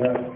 الله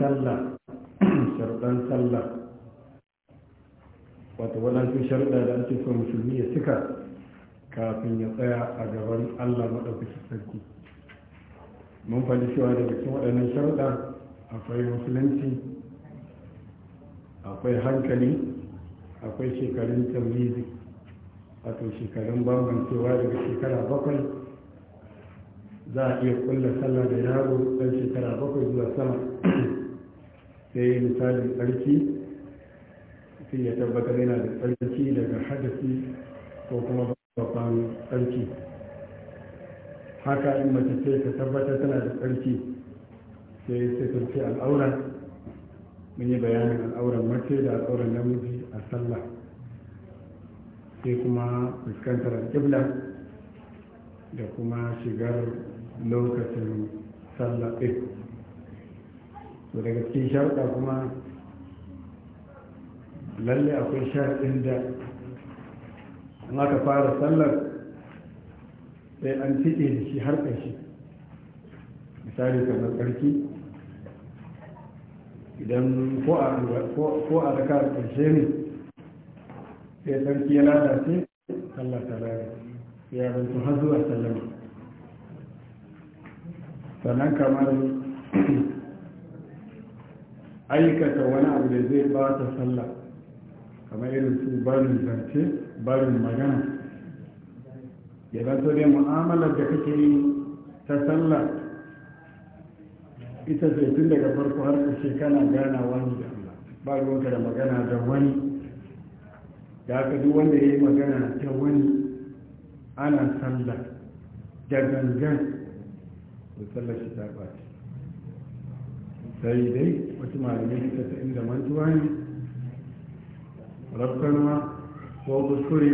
sallah sharɗan sallah wato wadancin sharɗa da ake so musulmi ya cika kafin ya tsaya a gaban allah maɗaukacin sarki mun faɗi cewa daga cikin waɗannan sharɗa akwai musulunci akwai hankali akwai shekarun tamizi wato shekarun bambancewa daga shekara bakwai za a iya kulla sallah da yaro ɗan shekara bakwai zuwa sama sai misalin tsarki sai ya tabbatar yana da tsarki daga hadasi ko kuma babban tsarki haka in mace ce ta tabbatar tana da tsarki sai sai ta ce al'aura mun yi bayanin al'auran mace da al'auran namiji a sallah sai kuma fuskantar alƙibla da kuma shigar lokacin sallah ɗin to daga cikin sharuɗa kuma lalle akwai sharaɗin da an aka fara sallar sai an cike da shi har ƙarshe misali kamar ƙarfi idan ko a a ƙarshe ne sai ƙarfi ya lalace sallar talara ya zanto har zuwa sallama sannan kamar aikata wani abu da zai ba ta sallah kamar irin su barin zance barin magana ya zanto dai mu'amalar da kake yi ta sallah ita ce tun daga farko har ƙarshe kana gana wani da Allah ba ruwanka da magana da wani da aka duk wanda ya yi magana ta wani ana sallah da gangan da sallar shi ta ɓaci sai dai wasu malamai suka ta inda mantuwa ne rafkanwa ko kuskure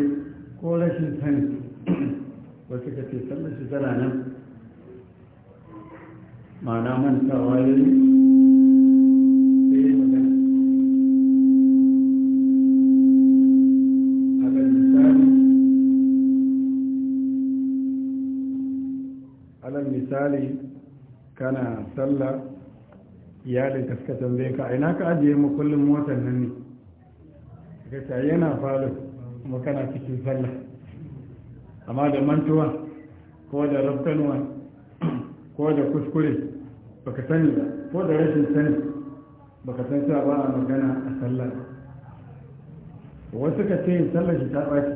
ko rashin sani wasu ka ce sallar shi tana nan ma'ana mantawa ya yi alal misali kana sallah iyalin kaskatan zai ka ina ka ajiye mu kullum motar nan ne ka ta yana falo kuma kana cikin sallah amma da mantuwa ko da rabtanwa ko da kuskure baka sani ba ko da rashin sani baka san cewa ba a magana a sallah wasu ka ce sallah shi ta ɓaci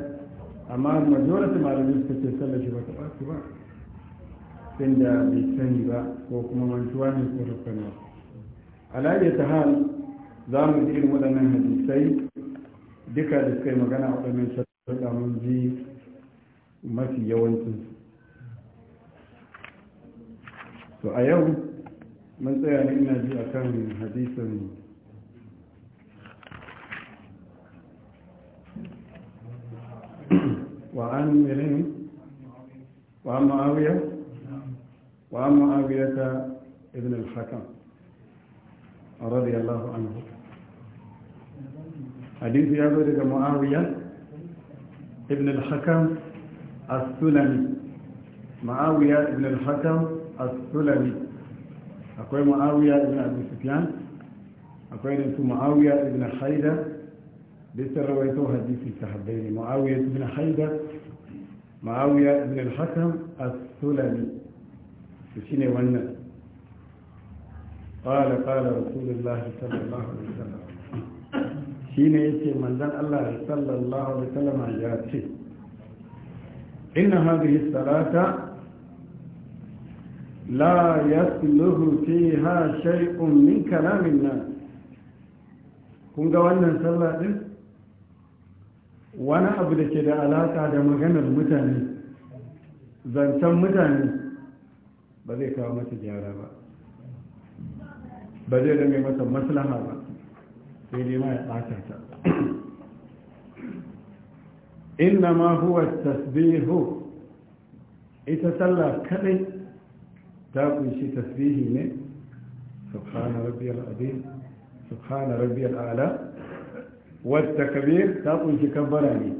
amma majority malamin suka ce sallah shi ba ta ɓaci ba tun da bai sani ba ko kuma mantuwa ne ko rafkanuwa على أي حال زام الدين مدن هذا الشيء ديكا ديكي مغانا من شرط الأمن جي ما في يوانتن سو أيام من سيان إنا جي أكام من حديثا وعن مرين وعن معاوية وعن معاوية ابن الحكم رضي الله عنه حديث يابر معاوية ابن الحكم السلمي معاوية ابن الحكم السلمي أقوى معاوية ابن أبي سفيان أقوى أنت معاوية ابن خيدة ليس رويته حديث الصحابين معاوية ابن خيدة معاوية ابن الحكم السلمي شنو wannan qala qala rasulullahi sallallahu alaihi wasallam shine yace manzon Allah sallallahu alaihi wasallam ya ce inna hadhihi salata la yasluhu fiha shay'un min kalamin nas kun ga wannan sallah din wani abu da ke da alaƙa da maganar mutane zancen mutane ba zai kawo mata gyara ba ba zai zame masa maslaha ba sai dai ma ya ɓata ta inna ma huwa tasbihu ita sallah kadai ta kunshi tasbihi ne subhana rabbiyal azim subhana rabbiyal a'la wa takbir ta kunshi kabbara ne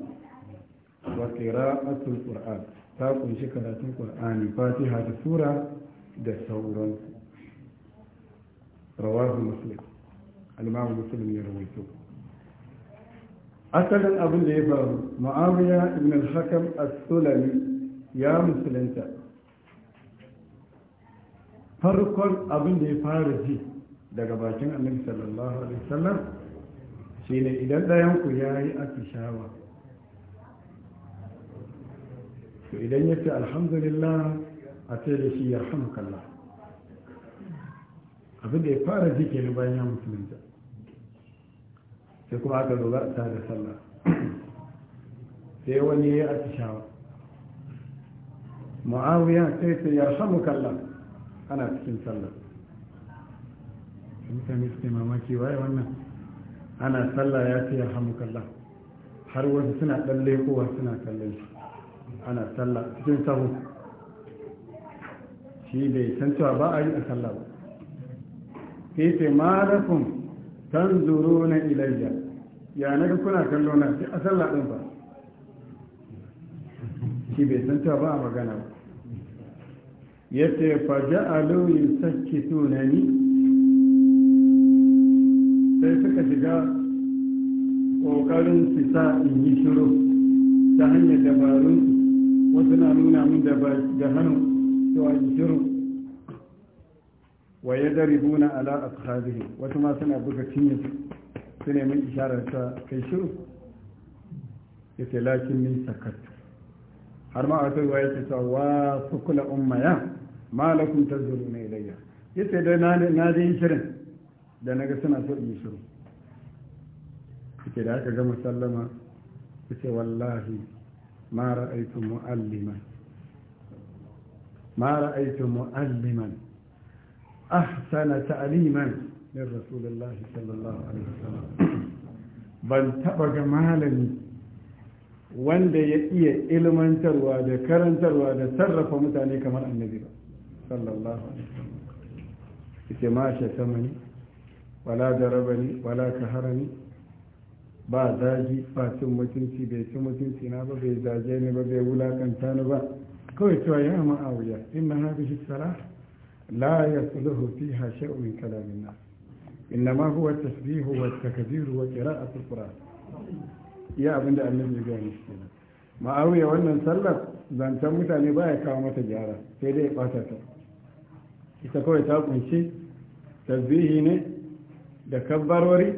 wa qira'atul qur'an ta kunshi karatun qur'ani fatiha da sura da sauransu rawahu muslim al-imam muslim ya rawaito asalin abin da ya faru ma'awiya ibn al-hakam ya musulunta farkon abin da ya fara ji daga bakin annabi sallallahu alaihi wasallam shine idan ɗayan ku ya yi atishawa to idan ya ce alhamdulillah a ce da shi ya hamkalla abin da ya fara ji kenan bayan ya musulunta sai kuma aka zo ta da sallah sai wani ya yi atishawa mu'awiyan sai sai ya samu kallon ana cikin sallah mutane suke mamaki waye wannan ana sallah ya ce ya hamu kallon har wasu suna ɗalle kowa suna kallon shi ana sallah cikin sahu shi bai san cewa ba a yi a sallah ba sai ce kun tan zuru na ilayya ya na ga kuna kallo na sai a sallah ba shi bai san cewa ba a magana ba ya ce faja aloyin sakki tunani sai suka shiga ƙoƙarin su sa in yi shiru ta hanyar su wasu na nuna min da hannu to a yi shiru wa ya daribuna ala ashabihi wasu ma suna buga cinye su ne mun isharar ta kai shiru ya ce lakin ni sakat har ma wata ruwa ce cewa wa sukula ummaya ma lakum mai layya yace dai na na dai shirin da naga suna so in shiru yace da aka gama sallama yace wallahi ma ra'aytu mu'alliman ma ra'aytu mu'alliman ahsana ta'liman min rasulullah sallallahu alaihi wasallam ban taɓa ga malami wanda ya iya ilmantarwa da karantarwa da sarrafa mutane kamar annabi ba sallallahu alaihi wasallam ita ma shi samani wala darabani wala kaharani ba zagi ba cin mutunci bai cin mutunci na ba bai zaje ni ba bai wulakanta ni ba kawai cewa ya ma'awiya inna hadhihi salah لا يصله wannan sallar zancen mutane ba ya kawo mata gyara sai dai ya ta ita kawai ta kunshi tasbihi ne da kabbarori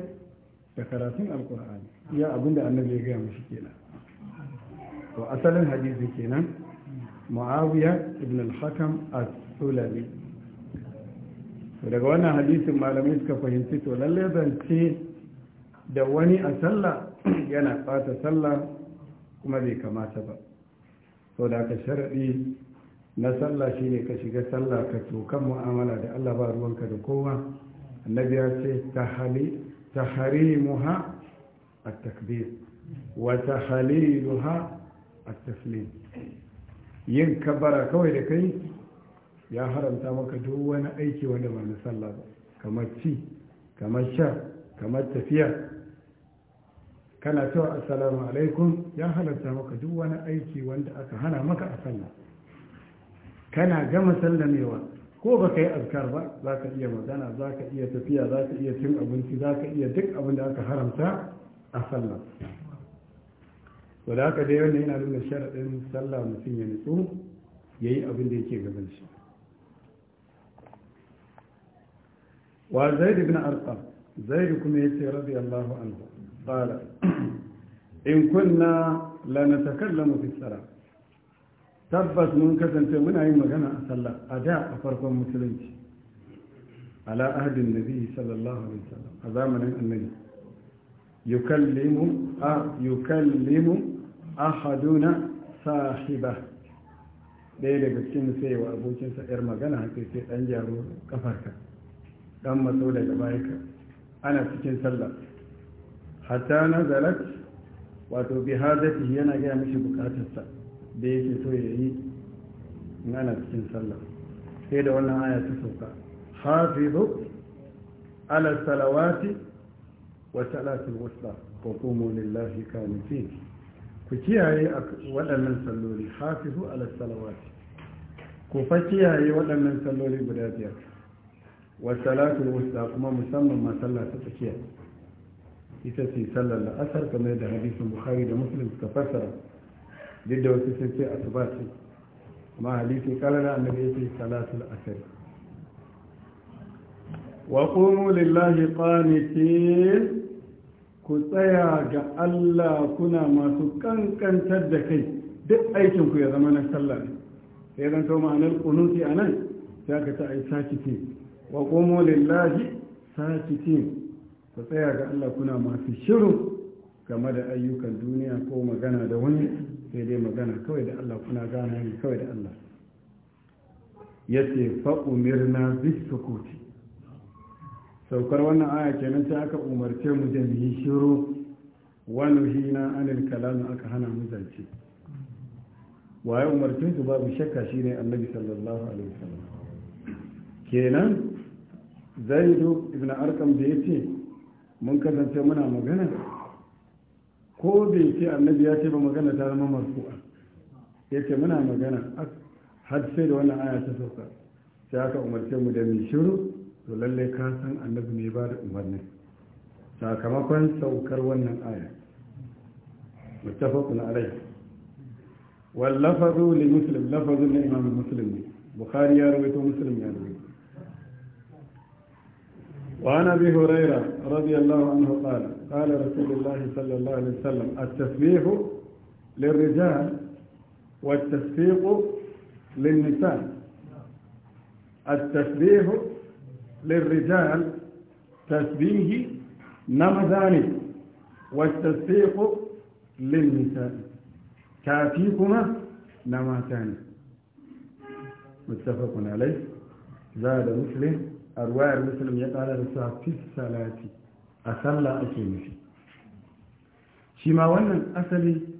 da karatun alkur'ani iya abinda annabi ya gaya mashi kenan to asalin hadisi kenan muawiya ibn al-hakam as-sulami daga wannan hadisin malamai suka fahimci to lallai zance da wani a sallah yana ɓata sallah kuma bai kamata ba sau da aka sharaɗi na sallah shi ne ka shiga sallah ka tokan mu'amala da allah ba ruwanka da kowa annabi ya ce taharimuha a takbir wa tahliluha a taslim yin kabara kawai da kai ya haramta maka duk wani aiki wanda ba na sallah ba kamar ci kamar sha kamar tafiya kana cewa assalamu alaikum ya halarta maka duk wani aiki wanda aka hana maka a sallah kana gama sallamewa ko ba ka yi azkar ba za ka iya magana za ka iya tafiya za ka iya cin abinci za ka iya duk abin da aka haramta a sallah wadda aka dai wanda yana nuna sharaɗin sallah mutum ya nutsu ya yi abin da yake gaban shi wa zaid ibn arqam zaid kuma yace radiyallahu anhu qala in kunna la natakallamu fi salat tabbas mun kasance muna yin magana a sallah a da a farkon musulunci ala ahdin nabi sallallahu alaihi wasallam a zamanin annabi yukallimu a yukallimu ahaduna sahiba ɗaya daga cikin sai wa abokinsa yar magana haka sai dan jaro kafarka dan matso daga bayanka ana cikin sallah hatta nazalat wato bi hadati yana gaya mishi bukatarsa da yake so ya yi in ana cikin sallah sai da wannan aya ta sauka hafizu ala salawati wa salatul wusta wa qumu lillahi qanitin ku kiyaye waɗannan salloli hafizu ala salawati ku fa kiyaye waɗannan salloli guda biyar wasalatul wusta kuma musamman ma sallah ta tsakiya ita ce sallar la'asar kamar da hadisin bukhari da muslim suka fassara duk da wasu sun ce asuba ce amma hadisi kalala annabi ya ce salatul asar wa qumu lillahi qanitin ku tsaya ga Allah kuna masu kankantar da kai duk aikinku ya zama na sallah sai dan kawo ma'anar kunuti a nan ka ta aisa kike wa komo lillahi sakitin ku tsaya ga Allah kuna masu shiru game da ayyukan duniya ko magana da wani sai dai magana kawai da Allah kuna gana ne kawai da Allah yace fa umirna bisukuti saukar wannan aya kenan sai aka umarce mu da yi shiru wani na anil kalamu aka hana mu zance waye umarcinsu su babu shakka ne annabi sallallahu alaihi wasallam kenan zaidu ibn arkam da ya ce mun kasance muna magana ko da ya ce annabi ya ce ba magana ta zama marfu'a ya ce muna magana har sai da wannan aya ta sauka sai aka umarce mu da mai shiru to lallai ka san annabi ne ba da umarni sakamakon saukar wannan aya muttafaqun alai wal lafazu li muslim lafazun na imam muslim ne bukhari ya rawaito muslim ya rawaito وعن ابي هريره رضي الله عنه قال قال رسول الله صلى الله عليه وسلم التسبيح للرجال والتسبيق للنساء التسبيح للرجال تسبيه نمذاني والتسبيق للنساء كافيكما نماتان متفق عليه زاد مسلم a ruwayar musulun ya ƙara da cewa fi salati a sallah ake nufi shi ma wannan asali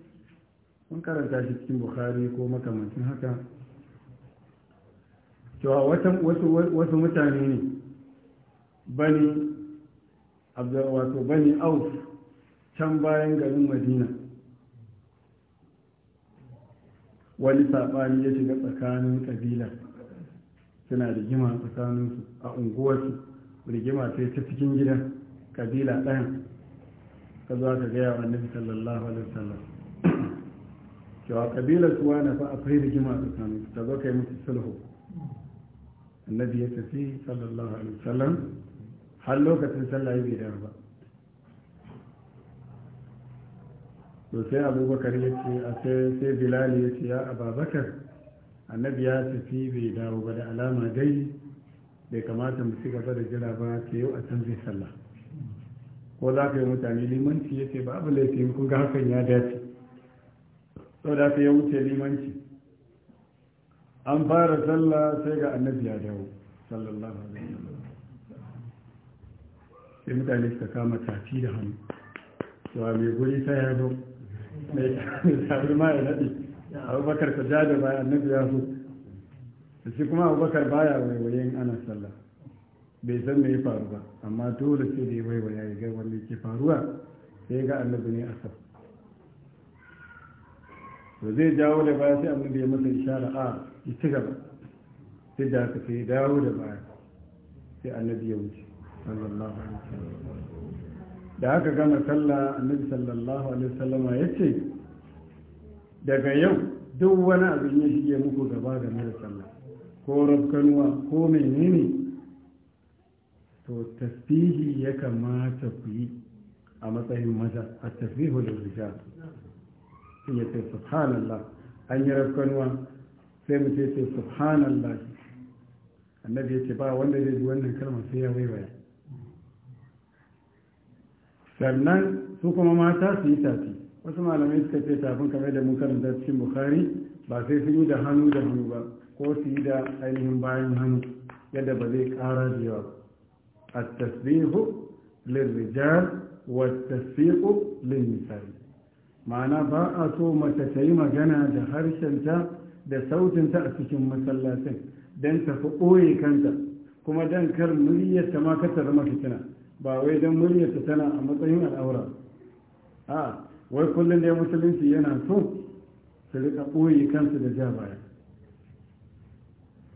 mun karanta shi cikin bukhari ko makamancin haka cewa wasu mutane ne bani wato bani auf can bayan garin madina wani saɓani ya shiga tsakanin ƙabilar suna rigima tsakaninsu a unguwarsu rigima ce ta cikin gidan kabila ɗayan ka zo ka gaya wa annabi sallallahu alaihi wasallam cewa kabilar su wani fa akwai rigima tsakaninsu ka zo ka yi musu sulhu annabi ya tafi sallallahu alaihi wasallam har lokacin sallah bai da ba to sai abubakar ya ce a sai bilali ya ce ya ababakar annabi ya tafi bai dawo ba da alama dai bai kamata mu cigaba da jira ba ta yau a can zai sallah ko za ka yi mutane limanci ya ce babu laifi kun ga hakan ya dace so da ya wuce limanci an fara sallah sai ga annabi ya dawo sallallahu alaihi wasallam sai mutane suka kama tafi da hannu a mai guri ta yaro mai tafi ma ya naɗi abubakar ta ja da baya annabi ya so da shi kuma abubakar baya waiwayen ana sallah bai san me ya faru ba amma dole sai da ya waiwaya ya ga wanda ke faruwa sai ga annabi ne a sau to zai jawo da baya sai annabi ya masa ishara a ya ci gaba sai da ka sai dawo da baya sai annabi ya wuce sallallahu alaihi wasallam da aka gama sallah annabi sallallahu alaihi wasallama ya ce daga yau duk wani abin ya shige muku gaba game da sallah ko rafkanuwa ko menene to tasbihi ya kamata ku yi a matsayin maza a tasbihu da rija ya ce subhanallah an yi rafkanuwa sai mu ce ce subhanallah annabi ya ce ba wanda zai ji wannan kalma sai ya waiwaya sannan su kuma mata su yi tafi wasu malamai suka ce tafin kamar da mun karanta cikin bukhari ba sai sun yi da hannu da hannu ba ko su yi da ainihin bayan hannu yadda ba zai ƙara da yawa a tasbihu lirrijar wa tasbihu lirrijar ma'ana ba a so mace ta yi magana da harshenta da sautinta a cikin masallacin don ta fi ɓoye kanta kuma don kar muryarta ma kar ta zama fitina ba wai don muryarta tana a matsayin al'aura a wai kullum da ya musulunci yana so su rika ɓoye kansu da ja baya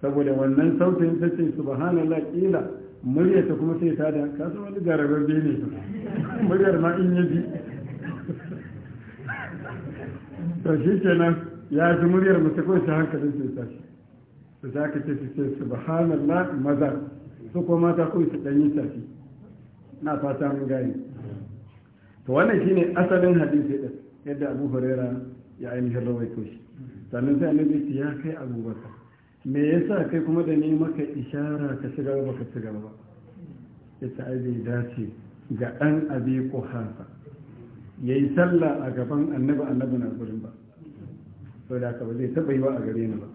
saboda wannan sautin ta ce su laƙila kila muryarta kuma sai ta da kasu wani biyu ne muryar ma in yi bi to shi nan ya ji muryar mace ko shi hankalin sai ta shi su za ka ce su ce su subhanallah maza su kuma mata kuma su ɗanyi shi na fata mun gani to wannan shine asalin hadisi din yadda abu huraira ya ainihin rawaito shi sannan sai annabi ya kai Bakar me yasa kai kuma da ni maka ishara ka shiga ba ka shiga ba ita ai bai dace ga dan abi kuhafa yayi sallah a gaban annabi annabi na gurin ba saboda haka ba zai taba yi wa a gare ni ba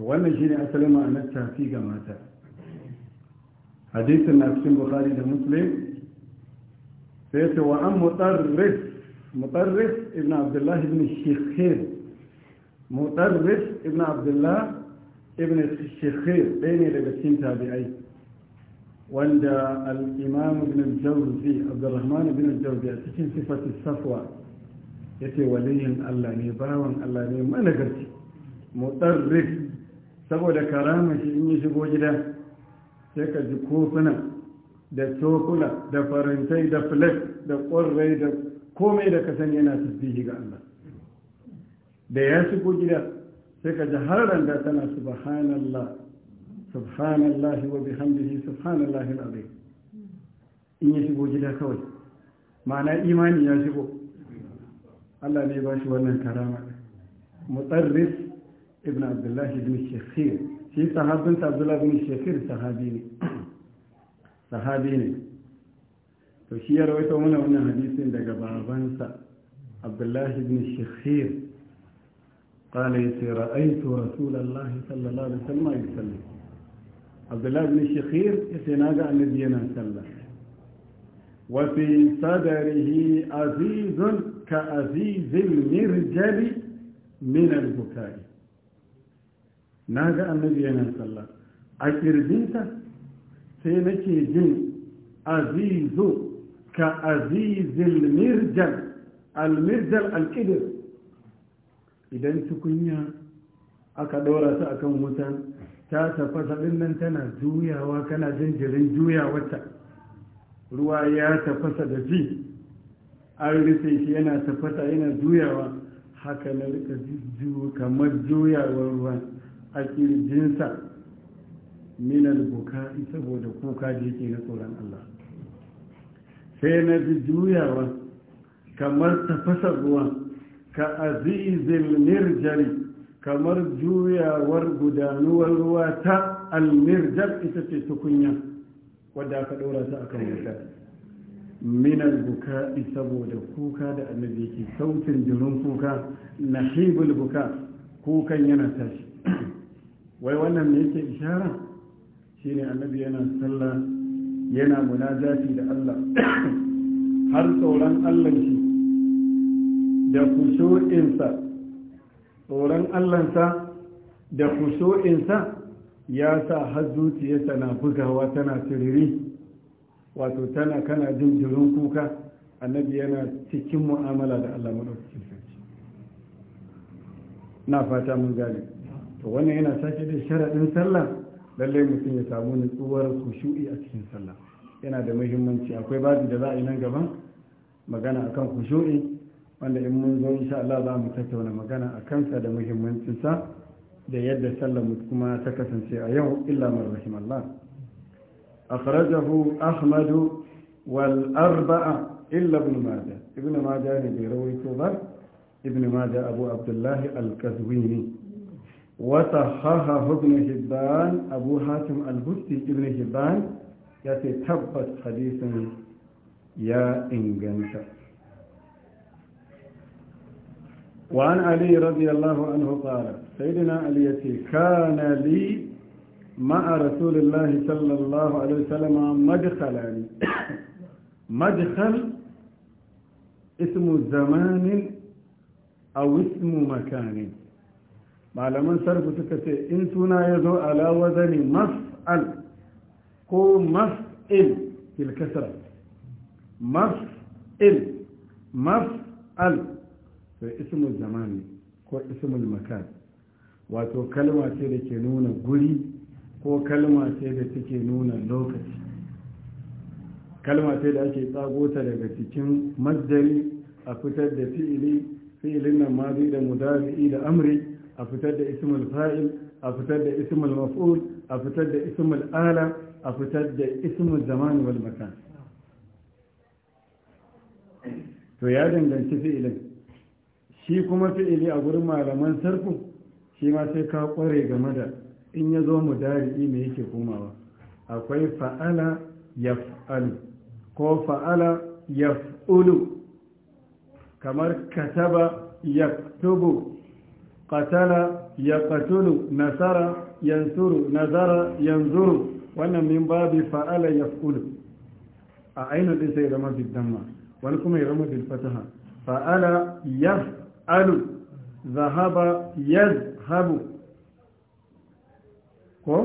wannan shine asalin ma'anar tafi ga mata hadisin na cikin bukhari da muslim sai ce wa an mutarrif mutarrif ibn abdullahi ibn shikhir mutarrif ibn abdullahi ibn shikhir ɗaya ne daga cikin tabi'ai wanda al-imam ibn al-jawzi abdurrahman ibn al a cikin sifatu safwa ya ce waliyin Allah ne bawan Allah ne malagarci mutarrif saboda karama shi in yi shigo gida sai ka ji kofuna da cokula da farantai da filet da ƙwarrai da komai da ka san yana tasbihi ga Allah da ya shigo gida sai ka ji har randa tana subhanallah subhanallahi wa bihamdihi subhanallahi alazim in ya shigo gida kawai ma'ana imani ya shigo Allah ne ba shi wannan karama mutarris ibn abdullahi ibn shekhir shi sahabinsa abdullahi ibn shekhir sahabi ne sahabi ne to shi ya rawaito mana wannan hadisin daga babansa abdullahi ibn shakhir قال يسير رأيت رسول الله صلى الله عليه وسلم يسلم عبد الله بن شخير يتنادى عن نبينا صلى وفي صدره عزيز كعزيز المرجل من البكاء نادى عن نبينا صلى أكردينك سينكي جن عزيز كأزيز المرجل المرجل القدر idan tukunya aka ɗora a akan wutan ta tafasa nan tana juyawa kana jinjirin juyawarta ruwa ya tafasa da ji an rufe shi yana tafasa yana juyawa haka na rika jujjuwa kamar juyawar ruwa a kirjinsa minal buka'i saboda kuka da yake na tsoron Allah sai na ji juyawa kamar tafasa ruwa ka azizin mirjari kamar juyawar gudanuwar ruwa ta almirjar ita ce tukunya wadda aka ɗora ta kan wuta Minar buka'i saboda kuka da annabi ke sautin jirin kuka na hibul buka kukan yana tashi wai wannan ne yake ishara shine annabi yana sallah yana munajati da Allah har tsoron Allah shi da kusurinsa tsoron Allahnsa da ya sa har zuciyarsa na bugawa tana tiriri wato tana kana jin jirin kuka annabi yana cikin mu'amala da Allah na fata mun gane to wannan yana sake da sharaɗin sallah lallai mutum ya samu nutsuwar kushu'i a cikin sallah yana da muhimmanci akwai babi da za a yi nan gaban magana akan kushu'i wanda in mun zo insha Allah za mu tattauna magana a kansa da muhimmancinsa da yadda sallar mu kuma ta kasance a yau illa man rahim Allah akhrajahu ahmadu wal arba'a illa ibn majah ibn majah ne bai rawaito ba ibn majah abu abdullahi al-kazwini وصححه ابن حبان أبو حاتم البستي ابن هبان يتثبت حديثا يا إنجنت وعن علي رضي الله عنه قال سيدنا علي كان لي مع رسول الله صلى الله عليه وسلم مدخلان مدخل اسم زمان أو اسم مكان malaman sarfu suka ce in suna ya zo ala wazani mas'al ko mas'il fil kasra mas'il mas'al to ismul zamani ko ismul makan wato kalma ce da ke nuna guri ko kalma ce da take nuna lokaci kalma ce da ake tsagota daga cikin mazdari a fitar da fi'ili fi'ilin nan mazi da mudari da amri a fitar da ismul fa'il a fitar da ismul maf'ul a fitar da ismul ala a fitar da ismul zaman wal makan to ya danganci fi'ilin shi kuma fi'ili a gurin malaman sarfu shi ma sai ka kware game da in ya zo mu dari'i me yake komawa akwai fa'ala yaf'alu ko fa'ala yaf'ulu kamar kataba yaktubu qatala yaqtulu nasara yansuru nazara yanzuru wannan min babi fa'ala yaf'ulu a ainihin din sai zama bidamma wani kuma ya zama bil fataha fa'ala yaf'alu zahaba yazhabu ko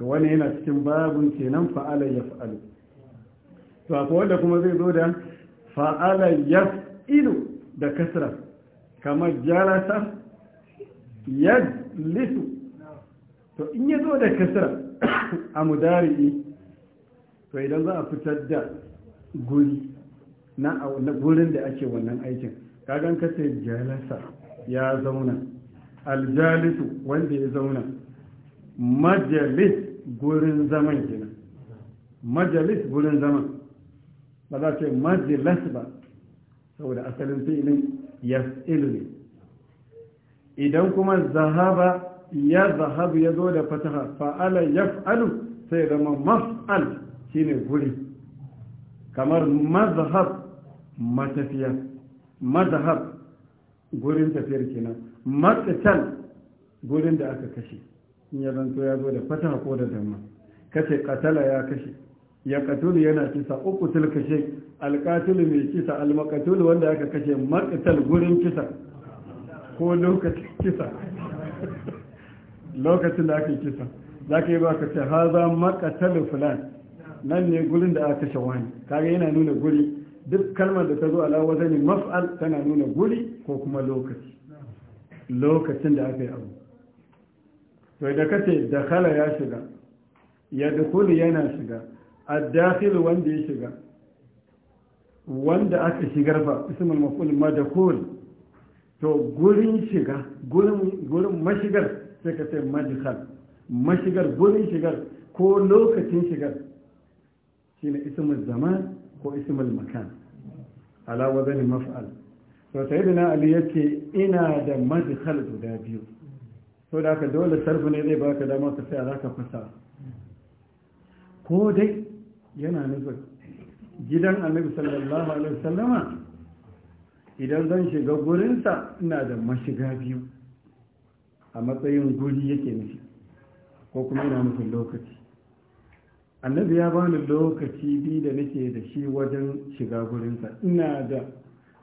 wani yana cikin babun kenan fa'ala yaf'alu to akwai wanda kuma zai zo da fa'ala yaf'ilu da kasra kamar jalasa yajlisu to in ya zo da kasar a mudari'i to idan za a fitar da guri na gurin da ake wannan aikin kagan kace jalasa ya zauna aljalisu wanda ya zauna majalis gurin zaman gina majalis gurin zaman ba za ce majalis ba saboda asalin fi'ilin yas'ilu ne idan kuma zahaba ya zahabu ya zo da fataha fa'ala ya fa’alu sai zama maf'al shine guri kamar mazahab matafiya mazahab gurin tafiyar kenan matsital gurin da aka kashe in ya zanto ya zo da fataha ko da damma kashe katala ya kashe ya katulu yana kisa uqtul kashe alkatulu mai kisa almakatulu wanda aka kashe matsital gurin kisa ko lokaci kisa lokacin da aka yi kisa za ka yi ba ka ce haza makatalin fulan nan ne gurin da aka kashe wani kaga yana nuna guri duk kalmar da ta zo ala ne maf'al tana nuna guri ko kuma lokaci lokacin da aka yi abu to da kace da kala ya shiga ya dukuli yana shiga ad-dakhil wanda ya shiga wanda aka shigar ba ismul maf'ul madkhul to gurin shiga gurin mashigar sai ka sai madkhal mashigar gurin shigar ko lokacin shigar shine ismul zaman ko ismul makan ala wazani maf'al to sayyidina ali ce ina da madkhal guda biyu to da aka dole sarfi ne zai baka dama ka sai ka fasa ko dai yana nufin gidan annabi sallallahu alaihi wasallama idan zan shiga gurinsa ina da mashiga biyu a matsayin guri yake nufi ko kuma ina nufin lokaci annabi ya bani lokaci biyu da nake da shi wajen shiga gurinsa ina da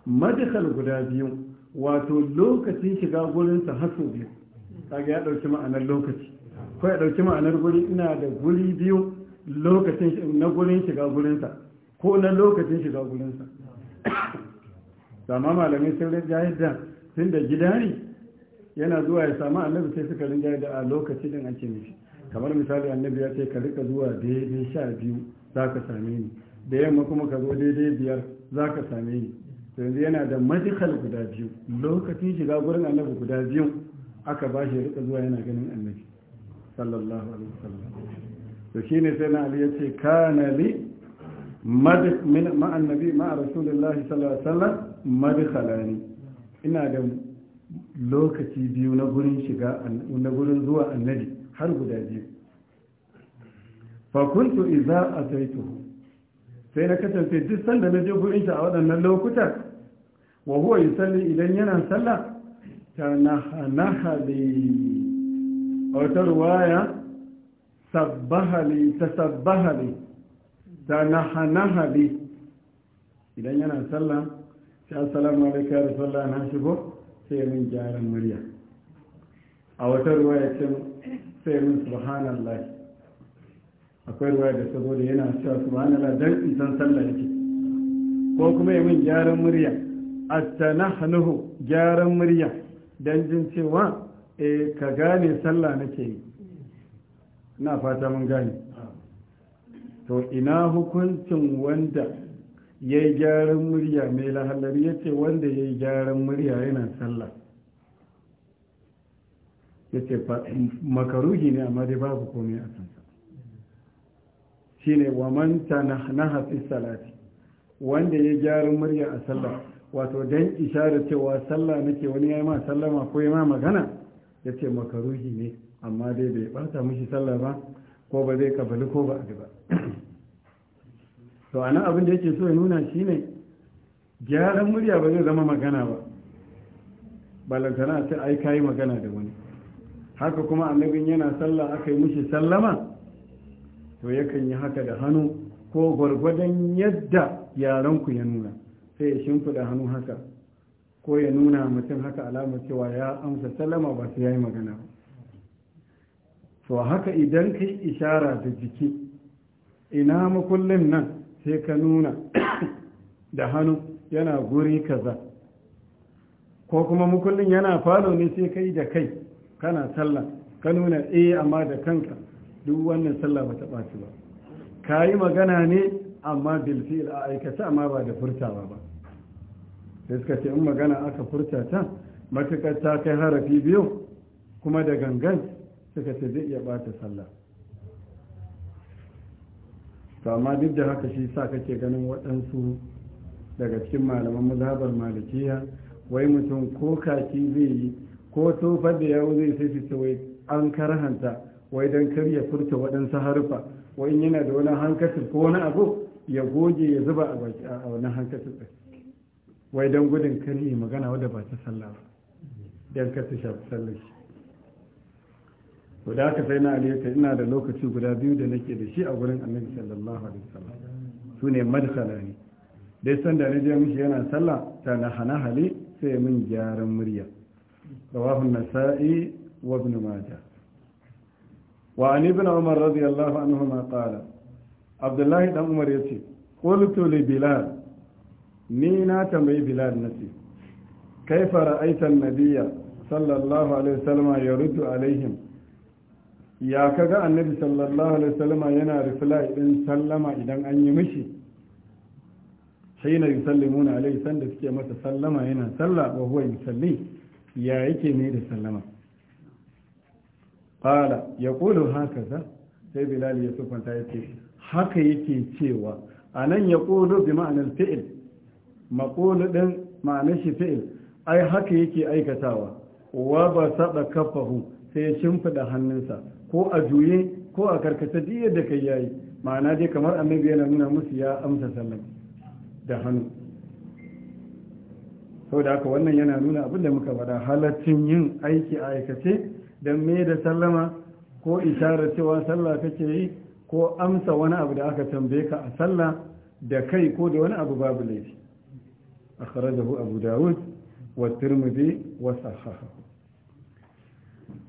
madakal guda biyu wato lokacin shiga gurinsa haso biyu kaga ya dauki ma'anar lokaci ko ya dauki ma'anar guri ina da guri biyu lokacin na gurin shiga gurinsa ko na lokacin shiga gurinsa Sama malamai sun rinjaye da tun da gida ne yana zuwa ya samu annabi sai suka rinjaye da a lokaci din ake nufi kamar misali annabi ya ce ka rika zuwa daidai sha biyu za ka same ni da yamma kuma ka zo daidai biyar za ka same ni to yanzu yana da madikal guda biyu lokacin shiga gurin annabi guda biyu aka ba shi rika zuwa yana ganin annabi sallallahu alaihi wasallam to shine sai na ali ce kana li mad min ma annabi ma rasulullahi sallallahu alaihi wasallam ne ina da lokaci biyu na gurin shiga na gurin zuwa annabi har guda biyu fakuntu kuntu idza ataitu sai na kasance duk sanda na je gurinsa a waɗannan lokuta wa huwa yusalli idan yana sallah ta nahanahali a wata ruwaya sabbahali ta sabbahali ta nahanahali idan yana sallah sai assalamu alaikum da sallah na shigo sai min gyaran murya a wata ruwa ya ce sai min subhanallah akwai ruwa da saboda yana cewa subhanallah dan isan sallah yake ko kuma ya min gyaran murya attanahnuhu gyaran murya dan jin cewa eh ka gane sallah nake yi na fata mun gane to ina hukuncin wanda ya yi gyaran murya mai lahallari ya ce wanda ya yi gyaran murya yana sallah ya ce makaruhi ne amma dai babu komai a sansa shi ne wa manta na hafi salati wanda ya yi gyaran murya a sallah wato don isharar cewa sallah nake wani ya yi ma ma ko ya ma magana ya ce makaruhi ne amma dai bai bata mishi sallah ba ko ba zai kabali ko ba a ba to anan abin da yake so ya nuna shine gyaran murya ba zai zama magana ba balantana a ce ai yi magana da wani haka kuma annabin yana sallah aka yi mushi sallama to yakan yi haka da hannu ko gwargwadon yadda yaranku ya nuna sai ya shimfiɗa hannu haka ko ya nuna mutum haka alamar cewa ya amsa sallama ba ya yi magana ba to haka idan kai ishara da jiki ina makullin nan sai ka nuna da hannu yana guri kaza ko kuma mukullin yana falo ne sai kai da kai kana sallah ka nuna e amma da kanka duk wannan sallah ba ta ɓaci ba ka yi magana ne amma bilfil a aikata amma ba da furtawa ba sai suka ce in magana aka furta ta matuƙar ta kai harafi biyu kuma da gangan suka ce zai iya ɓata sallah to amma duk da haka shi sa kake ganin waɗansu daga cikin malaman mazhabar malikiya wai mutum ko kaki zai yi ko tofar da yawo zai sai fita wai an karhanta wai don kar ya furta waɗansu harfa wai in yana da wani hankacin ko wani abu ya goge ya zuba a wani hankacin ɗin wai don gudun kar yi magana wadda ba ta sallah ba don kar ta shafi sallar shi to da aka sai na aliyata ina da lokaci guda biyu da nake da shi a gurin annabi sallallahu alaihi wasallam su ne madasala ne dai sanda na je mishi yana sallah ta na hana hali sai min gyaran murya rawahu nasa'i wa ibn majah wa an ibn umar radiyallahu ma qala abdullahi dan umar yace qultu li bilal ni na tambayi bilal nace kaifa ra'aita an-nabiyya sallallahu alaihi wasallam yaruddu alaihim ya kaga annabi sallallahu alaihi wasallam yana reply din sallama idan an yi mishi haina na alaihi sanda suke masa sallama yana salla wa huwa yusalli ya yake ne da sallama qala yaqulu hakaza sai bilal ya sufanta yace haka yake cewa anan yaqulu bi ma'anar fi'il maqul din ma'anar shi fi'il ai haka yake aikatawa wa ba sada kafahu sai ya shimfida hannunsa ko a juye ko a karkata duk yadda kai yayi ma'ana dai kamar annabi yana nuna musu ya amsa sallam da hannu saboda haka wannan yana nuna abin da muka faɗa halaccin yin aiki a aikace don me da sallama ko isharar cewa sallah kake yi ko amsa wani abu da aka tambaye ka a sallah da kai ko da wani abu babu laifi akhrajahu abu dawud wa tirmidhi wa sahahahu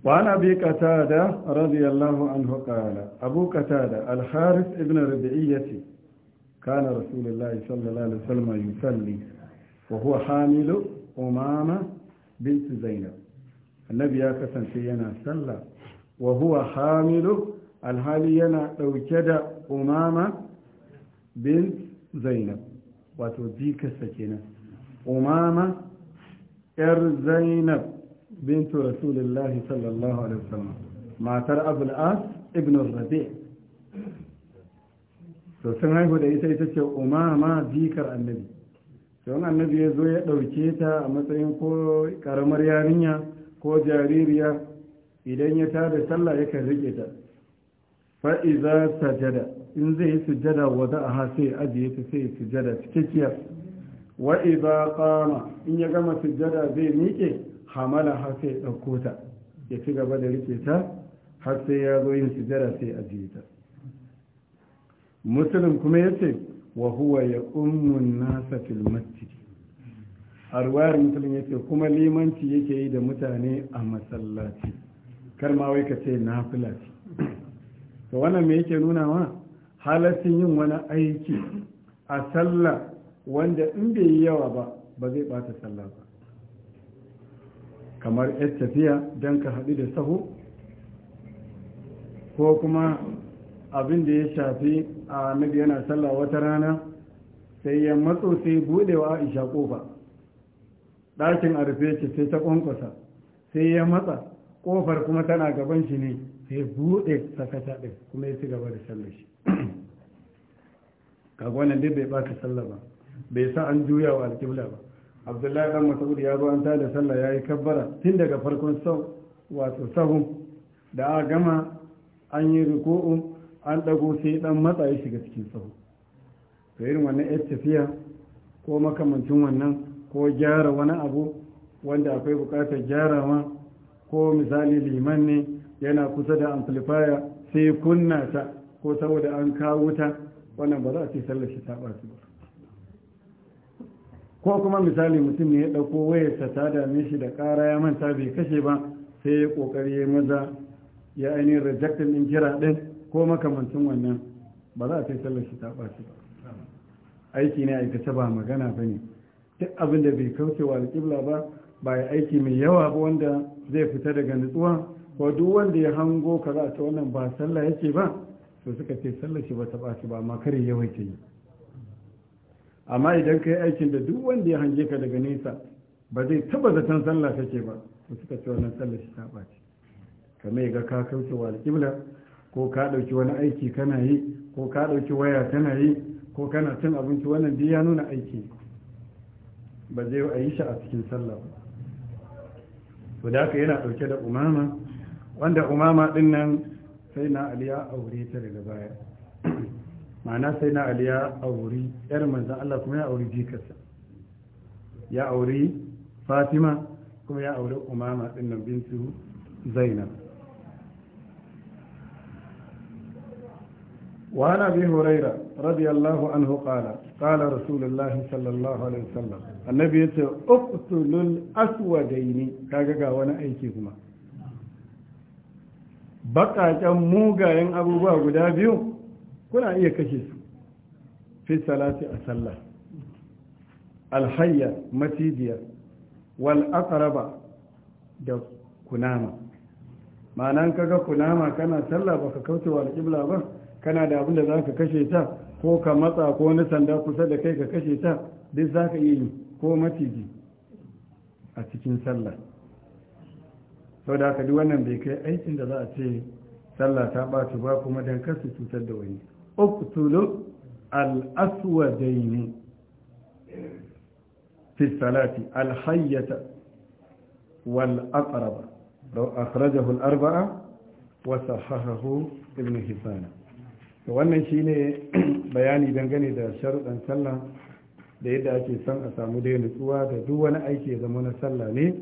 وعن أبي قتادة رضي الله عنه قال أبو قتادة الحارث ابن ربيعية كان رسول الله صلى الله عليه وسلم يصلي وهو حامل أمامة بنت زينب النبي يكسن فينا صلى وهو حامل الحالي ينا أوكد أمامة بنت زينب وتديك السكينة أمامة إر زينب bintu rasulillahi sallallahu alaihi wasallam matar abul as ibn rabi sun haihu da ita ita ce umama jikar annabi don annabi ya zo ya ɗauke ta a matsayin ko ƙaramar yarinya ko jaririya idan ya da sallah kan rike ta fa'iza sajada in zai yi sujada wada a sai ajiye ta sai sujada cikakkiya wa'iza kama in ya gama sujada zai miƙe hamala har sai ya ɗauko ta ya ci gaba da rike ta har sai ya zo yin sujada sai a jiye ta musulun kuma ya ce wa huwa ya ƙunmun nasa fil a ruwayar musulun ya ce kuma limanci yake yi da mutane a masallaci kar ma wai ka ce na ce to wannan me yake wa halaccin yin wani aiki a sallah wanda in bai yi yawa ba ba zai ɓata sallah ba kamar yar tafiya don ka haɗu da sahu ko kuma abin da ya shafi a nabi yana sallah wata rana sai ya matso sai buɗewa aisha ƙofa ɗakin a rufe ce sai ta ƙwanƙwasa sai ya matsa ƙofar kuma tana gaban shi ne sai buɗe sakata ɗin kuma ya ci gaba da sallar shi kaga wannan dai bai ka sallah ba bai sa an juya wa alƙibla ba abdullahi dan mas'ud ya zo an tada sallah yayi kabbara tun daga farkon sau wato sahun da a gama an yi ruku'u an dago sai dan matsa ya shiga cikin sahu to irin wannan yar tafiya ko makamancin wannan ko gyara wani abu wanda akwai bukatar gyarawa ko misali liman ne yana kusa da amplifier sai kunna ta ko saboda an kawo ta wannan ba za a ce sallar shi ta su ba ko kuma misali mutum ne ya ɗauko wayarsa ta dame shi da ƙara ya manta bai kashe ba sai ya ƙoƙari ya maza ya ainihin rejectin ɗin kira ɗin ko makamancin wannan ba za a sai sallar shi ta ɓaci ba aiki ne aikace ba magana ba ne duk abin da bai kauce wa alƙibla ba ba ya aiki mai yawa ba wanda zai fita daga nutsuwa ko duk wanda ya hango kaza ta wannan ba sallah yake ba to suka ce sallar shi ba ta ɓaci ba amma kare yawaita yi amma idan ka yi aikin da duk wanda ya hange ka daga nesa ba zai taba zaton sallah kake ba ko suka ce wannan sallah shi ta ɓaci kamar ya ga ka kauce wa alƙibla ko ka ɗauki wani aiki kana yi ko ka ɗauki waya kana yi ko kana cin abinci wannan duk ya nuna aiki ba zai a yi shi a cikin sallah ba to da haka yana ɗauke da umama wanda umama ɗin nan sai na aliya aure ta daga baya ma'ana sai na aliya auri yar manzo Allah kuma ya auri jikarsa ya auri Fatima kuma ya auri Umama din nan bintu Zainab wa ana bi Hurayra radiyallahu anhu qala qala Rasulullahi sallallahu alaihi wasallam annabi yace uqtulul aswadaini kaga ga wani aiki kuma Baƙaƙen mugayen abubuwa guda biyu kuna iya kashe su fi salati a sallah alhayya matijiya wal aqraba da kunama ma'ana kaga kunama kana sallah baka kauce wa alƙibla ba kana da abin da za ka kashe ta ko ka matsa ko wani sanda kusa da kai ka kashe ta duk za ka yi yi ko maciji a cikin sallah sau da aka duk wannan bai kai aikin da za a ce sallah ta ɓaci ba kuma don kasu cutar da wani اقتلوا الأسودين في الصلاة الحية والأقرب لو أخرجه الأربعة وصححه ابن هبان wannan shi ne bayani dangane da sharuɗan sallah da yadda ake son a samu dai nutsuwa da duk aiki ya zama na sallah ne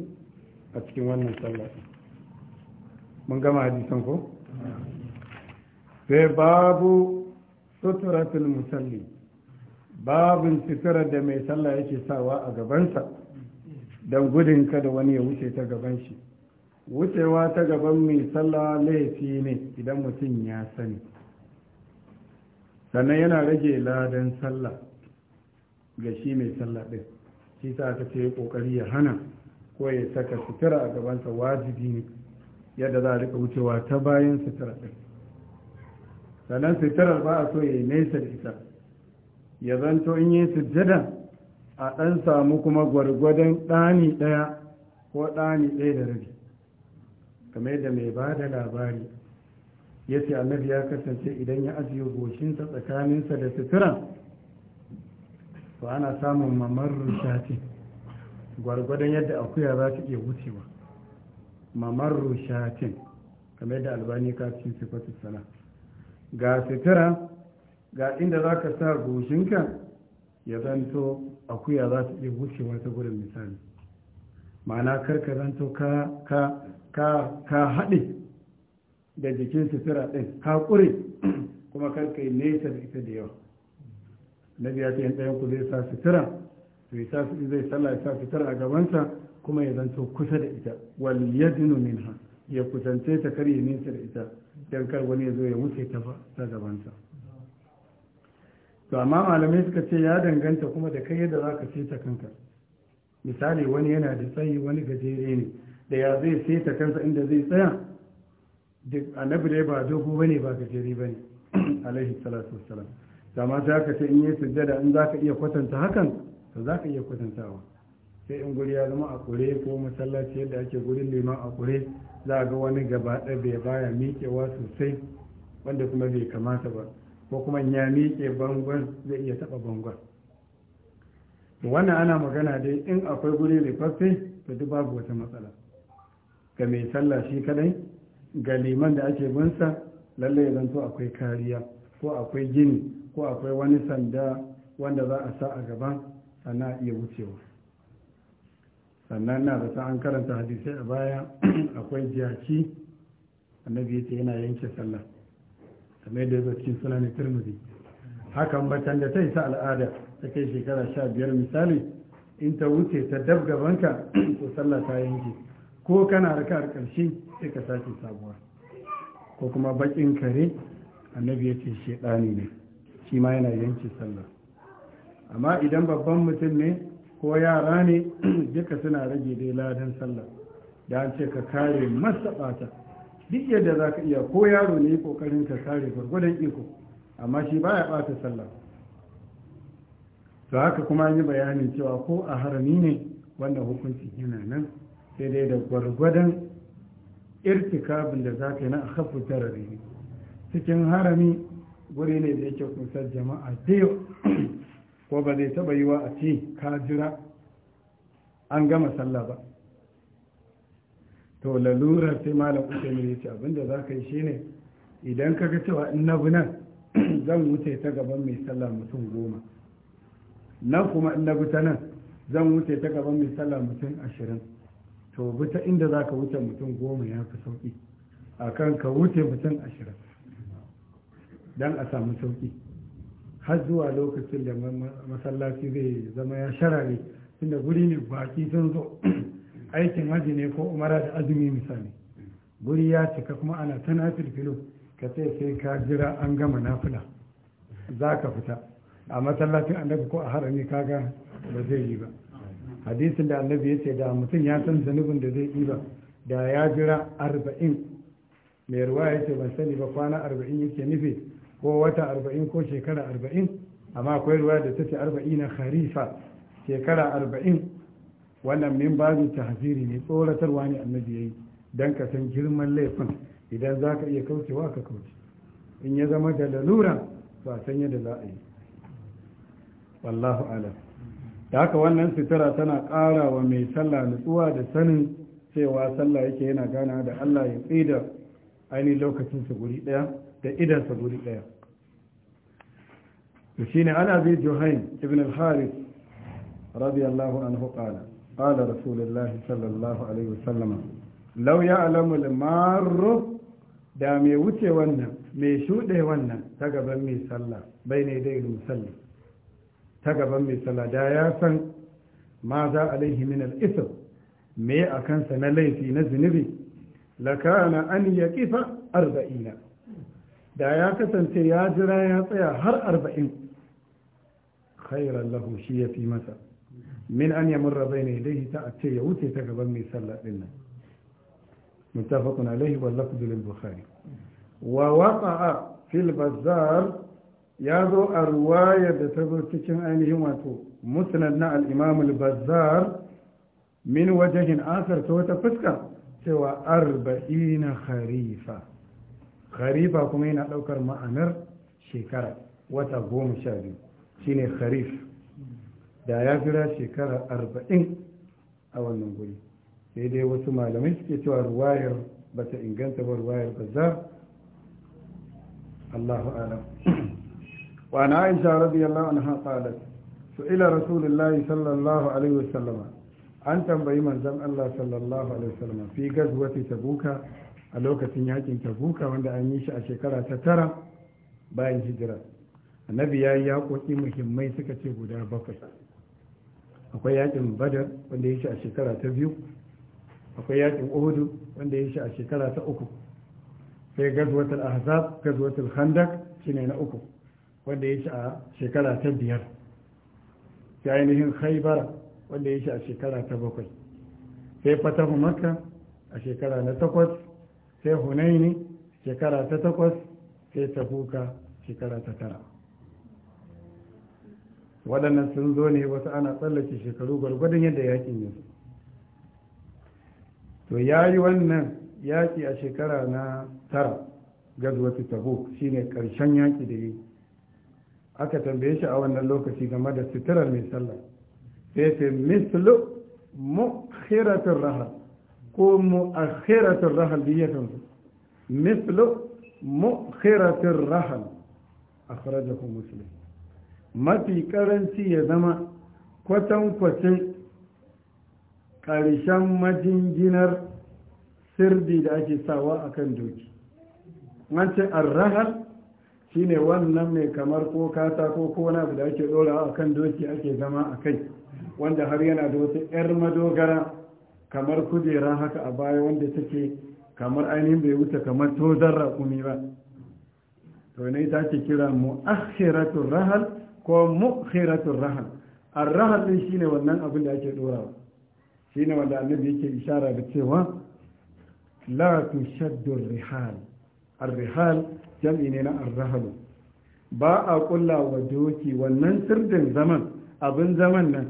a cikin wannan sallar. mun gama hadisan ko sai babu suturatul musalli babin sutura da mai sallah yake sawa a gabansa don gudun kada wani ya wuce ta gaban shi wucewa ta gaban mai sallah laifi ne idan mutum ya sani sannan yana rage ladan sallah ga shi mai sallah ɗin shi sa ka ce ƙoƙari ya hana ko ya saka sutura a gabansa wajibi ne yadda za a riƙa wucewa ta bayan sutura ɗin sannan sitarar ba a so ya yi nesa da ita ya zanto in yi sujjada a ɗan samu kuma gwargwadon ɗani ɗaya ko ɗani ɗaya da rabi kamar yadda mai ba da labari ya ce annabi ya kasance idan ya ajiye goshinsa tsakaninsa da sitiran to ana samun mamar rushati gwargwadon yadda akuya za ta iya wucewa mamar rushatin kamar yadda albani kafin sifatu sana'a ga sutura ga inda za ka sa goshinka ya zanto akuya za ta iya wucewa ta gudun misali ma'ana karka zanto ka haɗe da jikin sutura ɗin ka ƙure kuma karka yi nesa da ita da yawa na biya yin ɗayan ku zai sa sutura to ya sa zai sallah ya sa sutura a gabansa kuma ya zanto kusa da ita wal yadinu ha? ya kusance ta kar ya nesa da ita don kar wani ya zo ya wuce ta ta gabanta to amma malamai suka ce ya danganta kuma da kai yadda za ka ta kanka misali wani yana da tsayi wani gajere ne da ya zai ta kansa inda zai tsaya duk annabi dai ba dogo bane ba gajere bane alaihi salatu wassalam to amma sai aka ce in yi sujjada in za ka iya kwatanta hakan to za ka iya kwatantawa sai in guri ya zama a kure ko masallaci yadda ake gurin liman a kure za a ga wani gaba ɗaya baya miƙewa sosai wanda kuma bai kamata ba ko kuma ya miƙe bangon zai iya taɓa bangon wannan ana magana dai in akwai guri rufaffe to duk babu wata matsala ga mai sallah shi kadai ga liman da ake binsa lallai zan to akwai kariya ko akwai gini ko akwai wani sanda wanda za a sa a gaban sannan iya wucewa sannan na da an karanta hadisai a baya akwai jaki annabi ya yana yanke sallah kamar yadda ya cikin ne tirmidhi hakan batan da ta isa al'ada ta kai shekara sha biyar misali in ta wuce ta dab gabanka ko sallah ta yanke ko kana raka ƙarshe sai ka sake sabuwa ko kuma bakin kare annabi ya ce shedani ne shi ma yana yanke sallah amma idan babban mutum ne ko yara ne duka suna rage dai ladan sallah da an ce ka kare masa bata duk yadda za ka iya ko yaro ne kokarin ka kare gwargwadon iko amma shi baya bata sallah to haka kuma yi bayanin cewa ko a harami ne wannan hukuncin yana nan sai dai da gwargwadon irtikabin da za ka yi na a hafu cikin harami guri ne da yake kusa jama'a da ko ba zai taba yi wa a ce ka jira an gama sallah ba to lalurar sai malam uke mai yace abinda za ka yi shine idan ka ga cewa in na bi nan zan wuce ta gaban mai sallah mutum goma nan kuma in na bi ta nan zan wuce ta gaban mai sallah mutum ashirin to bi ta inda za ka wuce mutum goma ya fi sauki a kan ka wuce mutum ashirin don a samu sauki har zuwa lokacin da masallaci zai zama ya sharare tunda guri ne baki sun zo aikin haji ne ko umara da azumi misali guri ya cika kuma ana ta nafilfilo ka ce sai ka jira an gama nafila za ka fita a masallacin annabi ko a harami kaga ba zai yi ba hadisin da annabi ya ce da mutum ya san zanubin da zai yi ba da ya jira arba'in mai ruwa ya ce ban sani ba kwana arba'in yake nufi ko wata arba'in ko shekara arba'in amma akwai ruwa da ta ce arba'in na harifa shekara arba'in wannan min babu tahziri ne tsoratarwa ne annabi yayi dan ka san girman laifin idan za ka iya kaucewa ka kauce in ya zama da lalura ba a san yadda za a yi wallahu ala da haka wannan sutura tana ƙara wa mai sallah nutsuwa da sanin cewa sallah yake yana gana da Allah ya tsida ainihin lokacinsa guri ɗaya da idansa guri ɗaya da shi ne ana zai johain ibn al-haris radiyallahu anhu qala qala rasulullah sallallahu alaihi wasallam law ya'lamu al-marru da mai wuce wannan mai shuɗe wannan ta gaban mai sallah bai ne dai musalli ta gaban mai sallah da ya san ma za alaihi min al-isr me a kansa na laifi na zunubi lakana an yaqifa arba'ina da ya kasance ya jira ya tsaya har arba'in khairan lahu shi ya fi masa min an ya murra bai ne dai ta a ce ya wuce ta gaban mai sallah din nan mutafakun alaihi wa lafdu bukhari wa waqa'a fil bazar ya zo a ruwaya da ta zo cikin ainihin wato musnad na al-imam al bazar min wajahin asar ta wata fuska cewa arba'ina kharifa kharifa kuma yana ɗaukar ma'anar shekara wata goma sha biyu shine kharif da ya fira shekara arba'in a wannan guri sai dai wasu malamai suke cewa ruwayar ba ta inganta ba ruwayar bazar Allahu alam wa na aisha radiyallahu anha qalat su'ila rasulullahi sallallahu alaihi wasallama an tambayi manzon Allah sallallahu alaihi wasallama fi gazwati tabuka a lokacin yakin tabuka wanda an yi shi a shekara ta tara bayan hijira annabi ya yi yakoki muhimmai suka ce guda bakwai akwai yakin badar wanda ya shi a shekara ta biyu akwai yakin uhudu wanda ya shi a shekara ta uku sai gazwatul ahzab gazwatul khandak shine na uku wanda ya shi a shekara ta biyar sai ainihin khaybara wanda ya shi a shekara ta bakwai sai fatahu makka a shekara na takwas sai hunaini shekara ta takwas sai tafuka shekara ta tara waɗannan sun zo ne wasu ana tsallake shekaru gwargwadon yadda yakin yanzu to ya yi wannan yaƙi a shekara na tara gazuwatu shi shine ƙarshen yaƙi da yi aka tambaye shi a wannan lokaci game da suturar mai sallah sai sai mislu mukhiratul rahar ko mu'akhiratir rahal biyatan mislu mu'akhiratir rahal akhrajahu muslim mafi karanci ya zama kwatankwacin ƙarshen majinginar sirdi da ake sawa a kan doki wance rahal shi ne wannan mai kamar ko kata ko kona da ake ɗorawa a kan doki ake zama a kai wanda har yana da wasu 'yar madogara kamar kujera haka a baya wanda take kamar ainihin bai wuce kamar tozar raƙumi ba to ne ta ce kira mu'akhiratun rahal ko mu'akhiratun rahal an rahal ɗin shine wannan abin da ake ɗorawa shine wanda annabi yake ishara da cewa la tushaddu rihal ar-rihal jam'i ne na ar-rahal ba a kulla wa doki wannan sirdin zaman abin zaman nan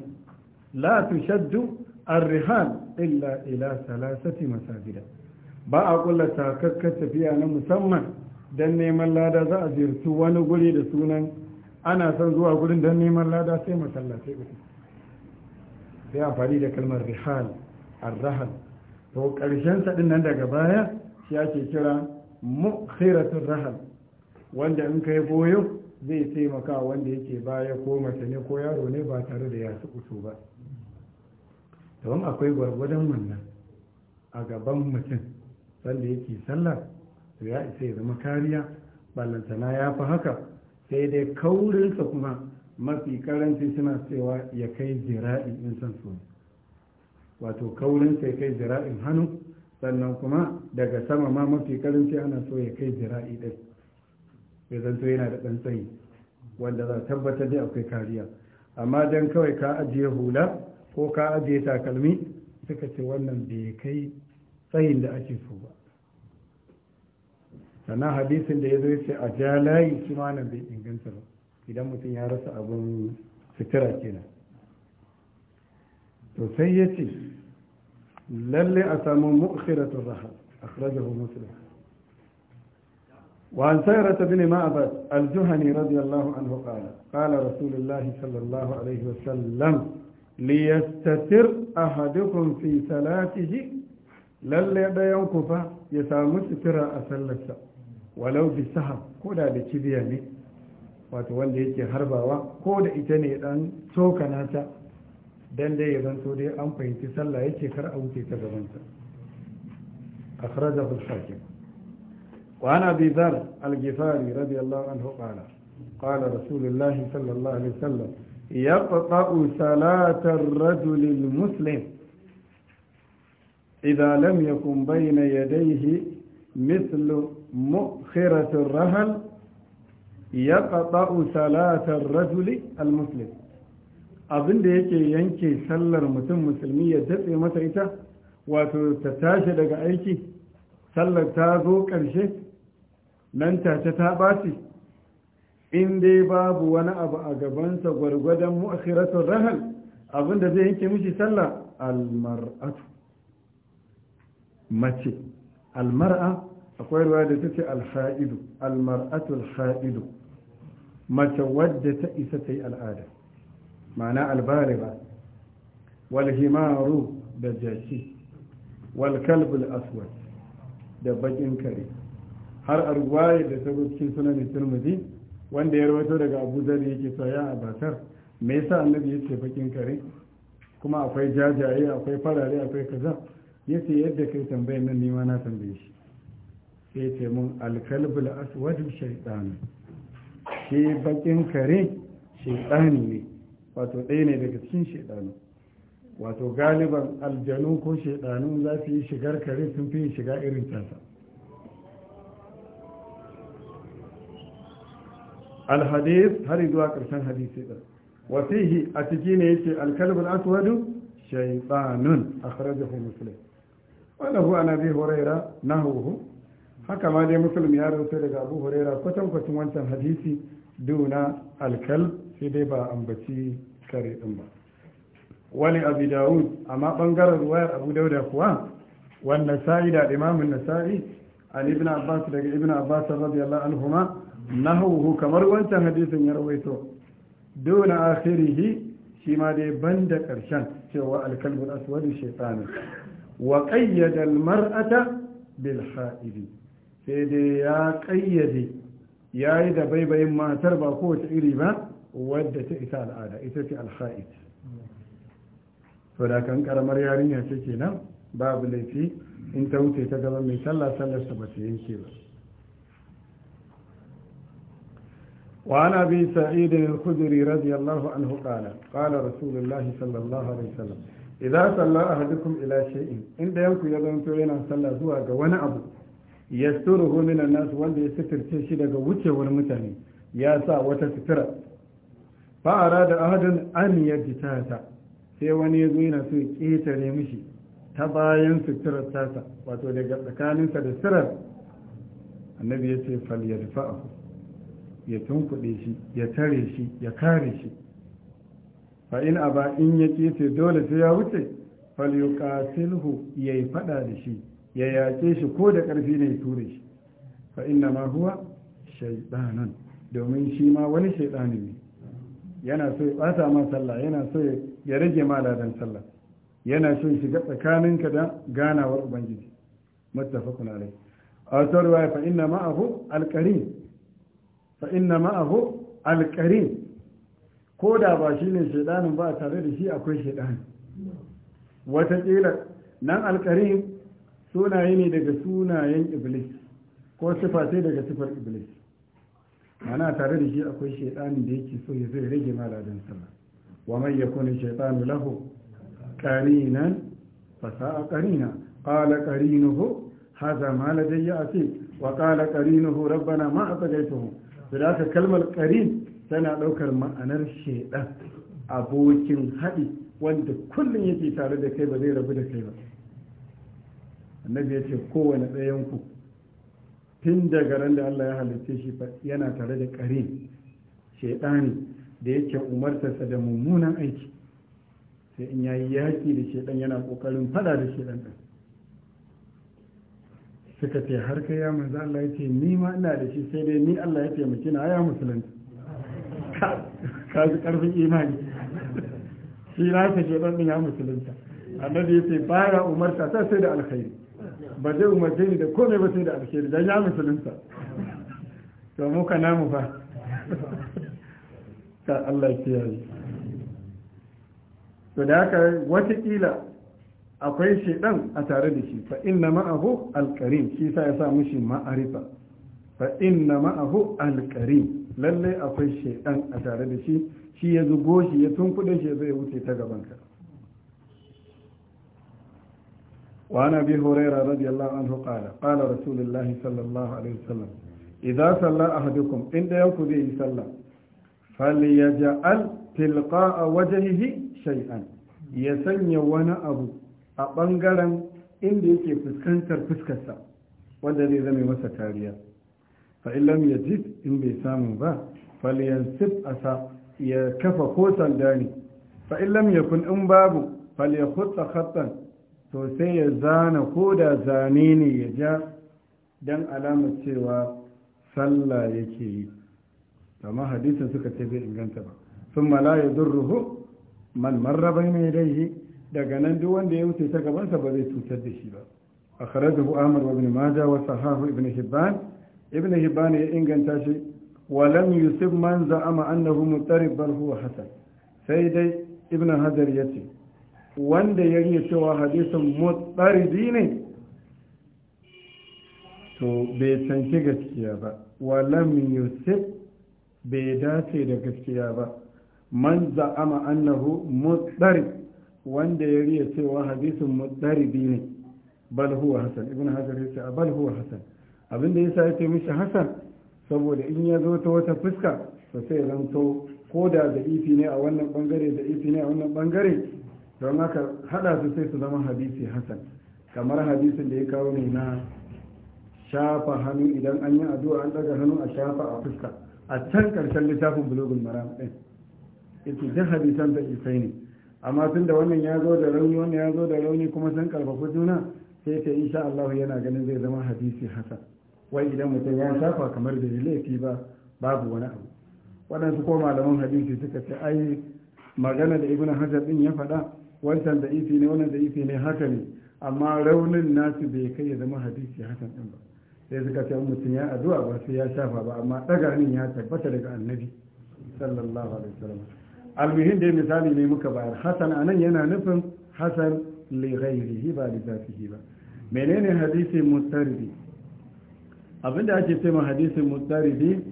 la tushaddu ar-rihal illa ila salasati masajida ba a kulla takakkar tafiya na musamman don neman lada za a ziyarci wani guri da sunan ana son zuwa gurin don neman lada sai masallatai uku sai amfani da kalmar rihal arrahal to karshen sadin nan daga baya shi ake kira mukhiratul rahal wanda in kai boyo zai taimaka wanda yake baya ko mace ne ko yaro ne ba tare da ya su ba don akwai gwargwadon wannan a gaban mutum sanda yake sallah to ya isa ya zama kariya ballantana ya fi haka sai dai kaurinsa kuma mafi karanci suna cewa ya kai zira'i in san so wato kaurinsa ya kai zira'in hannu sannan kuma daga sama ma mafi karanci ana so ya kai zira'i ɗin ya to yana da ɗan tsayi wanda za a tabbatar da akwai kariya amma don kawai ka ajiye hula ko ka ajiye takalmi suka ce wannan bai kai tsayin da ake so ba sannan hadisin da ya zo ce a ja layi shi ma nan bai inganta ba idan mutum ya rasa abin sutura kenan to sai ya ce lalle a samu mu'khiratul rahab akhrajahu muslim وعن سيرة بن معبد الجهني رضي الله عنه قال قال رسول الله صلى الله عليه وسلم liyastatir ahadukum fi salatihi lalle ɗayan kufa fa ya samu sutura a sallarsa walau bi saha ko da da kibiya ne wato wanda yake harbawa ko da ita ne dan tsokana ta dan dai ya zanto dai an fahimci sallah yake kar a wuce ta gabansa akhrajahu al-hakim وعن أبي ذر الجفاري رضي الله عنه قال قال رسول الله يقطع salatar الرجل المسلم إذا لم يكن بين يديه مثل مؤخرة الرهن يقطع صلاة الرجل المسلم yake yanke sallar mutum musulmi ya tatse masa ita wato ta tashi daga aiki sallar ta zo ƙarshe nan tace ta basi. in dai babu wani abu a gabansa gwargwadon mu'akhiratun rahal abinda zai yanke mishi sallah almar'atu mace almar'a akwai ruwa da ta ce alha'idu almar'atu alha'idu mace wadda ta isa ta yi al'ada ma'ana albariba walhimaru da jaki walkalbul aswad da bakin kare har arwaye da ta cikin sunan turmudi wanda ya rawaito daga abu zari yake sa a batar me yasa annabi ya ce bakin kare kuma akwai jajaye akwai farare akwai kaza ya ce yadda kai tambayar nan nima na tambaye shi sai ce mun alkalbul aswadu shaitan shi bakin kare shaitani ne wato ɗaya ne daga cikin shaitanu wato galiban aljanu ko shaidanu za su yi shigar kare sun fi shiga irin tasa alhadis har zuwa ƙarshen hadisi ɗin wasihi a ciki ne yake alkalbul aswadu shaytanun akhrajahu muslim wanda hu ana bi na nahwuhu haka ma dai muslim ya rawaito daga abu huraira kwatan kwatan wancan hadisi duna alkal sai dai ba ambaci kare ɗin ba wani abu dawud amma bangaren ruwayar abu dauda kuwa wannan sa'i da imamun nasa'i an ibn abbas daga ibn abbas radiyallahu anhuma nahawu kamar wancan hadisin ya rawaito duna akhirihi shi ma dai banda karshen cewa alkalbul aswadu shaytan wa qayyada almar'ata bil sai dai ya qayyade yayi da baibayin matar ba kowace iri ba wadda ta isa al'ada ita ce alha'id to da kan karamar yarinya ce kenan babu laifi in ta wuce ta gaba mai sallah sallar ta ba ta yanke ba وعن أبي سعيد الخدري رضي الله عنه قال قال رسول الله صلى الله عليه وسلم إذا صلى أحدكم إلى شيء yana sallah zuwa تولينا صلى abu. وانا أبو يستره من الناس wanda ya sitirce shi daga wucewar mutane ya sa wata sitira fa'ara da ahadin an yadda sai wani ya zo yana so ƙetare mishi ta bayan sitirar tasa wato daga tsakaninsa da sirar annabi ya ce fal yadfa'ahu ya tunkuɗe shi ya tare shi ya kare shi fa in aba in ya kece dole sai ya wuce fal ya yayi fada da shi ya yace shi ko da ƙarfi ne ya ture shi fa inna ma huwa shaytanan domin shi ma wani shaytani ne yana so ya bata ma sallah yana so ya rage ma ladan sallah yana so ya shiga tsakaninka da ganawar ubangiji mutafakun alai a wata ruwaya fa inna abu alqarin fa inna ma'ahu alƙarin ko da ba shi ne shaidanin ba tare da shi akwai Wata wataƙila nan alƙarin sunaye ne daga sunayen iblis ko sifa daga sifar iblis mana tare da shi akwai shaidanin da yake so ya zai rage maladan sallah wa man yakuna shaitanu lahu qarinan fa sa'a qarina qala qarinuhu hadha ma ladayya asid wa qala qarinuhu rabbana ma atagaytuhu su da kalmar ƙarin tana ɗaukar ma'anar sheda, abokin haɗi wanda kullum yake tare da kai ba zai rabu da kai ba annabi ya ce kowane ɗayanku tun daga ran da Allah ya halitta shi yana tare da ƙarin ne da yake umartarsa da mummunan aiki sai in yayi yaki da shaidan yana ƙoƙarin fada da shaidan ɗin suka ce har kai ya manzo Allah ya ce ni ma ina da shi sai dai ni Allah ya taimake na ya musulunci ka ji karfin imani shi na ta ce don ya musulunta annabi ya ce baya umarta ta sai da alkhairi ba zai umarce ni da komai ba sai da alkhairi dan ya musulunta to mu ka namu fa ta Allah ya kiyaye to da haka wata kila akwai shaidan a tare da shi fa inna ma'ahu alqarin shi sa ya sa mushi ma'arifa fa inna ma'ahu alqarin lalle akwai shaidan a tare da shi shi ya zugo shi ya tunkuɗe shi zai wuce ta gaban ka وعن ابي هريره رضي الله عنه قال قال رسول الله صلى الله عليه وسلم اذا صلى احدكم ان يوكو به صلى فليجعل تلقاء وجهه شيئا ya sanya wani abu a ɓangaren inda yake fuskantar fuskarsa wanda zai zame masa kariya fa'ilam ya ji in bai samu ba falyansif asa ya kafa ko sanda ne fa'ilam ya kun in babu falya hutsa hatsan to sai ya zana ko da zane ne ya ja don alamar cewa sallah yake yi amma hadisin suka ce zai inganta ba sun mala ya durruhu man marrabai mai dai daga nan duk wanda ya wuce ta gabansa ba zai cutar da shi ba akhrajahu amr wa ibn maja wa sahahu ibn hibban ibn hibban ya inganta shi wa lam yusib man za'ama annahu mutarib bal huwa hasan sai dai ibn hadar yace wanda ya riya cewa hadisin mutaridi ne to bai canci gaskiya ba wa lam yusib bai dace da gaskiya ba man za'ama annahu mutarib wanda ya riya cewa hadisin muddaribi ne bal huwa hasan ibn hajar yace a bal huwa hasan abin da yasa yace mishi hasan saboda in ya zo ta wata fuska to sai zanto ko da da ifi ne a wannan bangare da ifi ne a wannan bangare don haka hada su sai su zama hadisi hasan kamar hadisin da ya kawo ne na shafa hannu idan an yi addu'a an daga hannu a shafa a fuska a can karshen littafin bulogin maram din ita duk hadisan da isai ne amma tun da wannan ya zo da rauni wannan ya zo da rauni kuma sun karfafa juna sai ta insha Allah yana ganin zai zama hadisi hasan wai idan mutum ya shafa kamar da laifi ba babu wani abu waɗansu ko malaman hadisi suka ce ai magana da ibn hajar din ya faɗa wancan da ifi ne wannan da ifi ne haka ne amma raunin nasu bai kai ya zama hadisi hasan din ba sai suka ce mutum ya addu'a ba sai ya shafa ba amma nan ya tabbata daga annabi sallallahu alaihi wasallam alwihin dai misali ne muka bayar hasan anan yana nufin hasan li ghairihi ba da zatihi ba menene hadisi mustaridi abinda ake ce ma hadisi mustaridi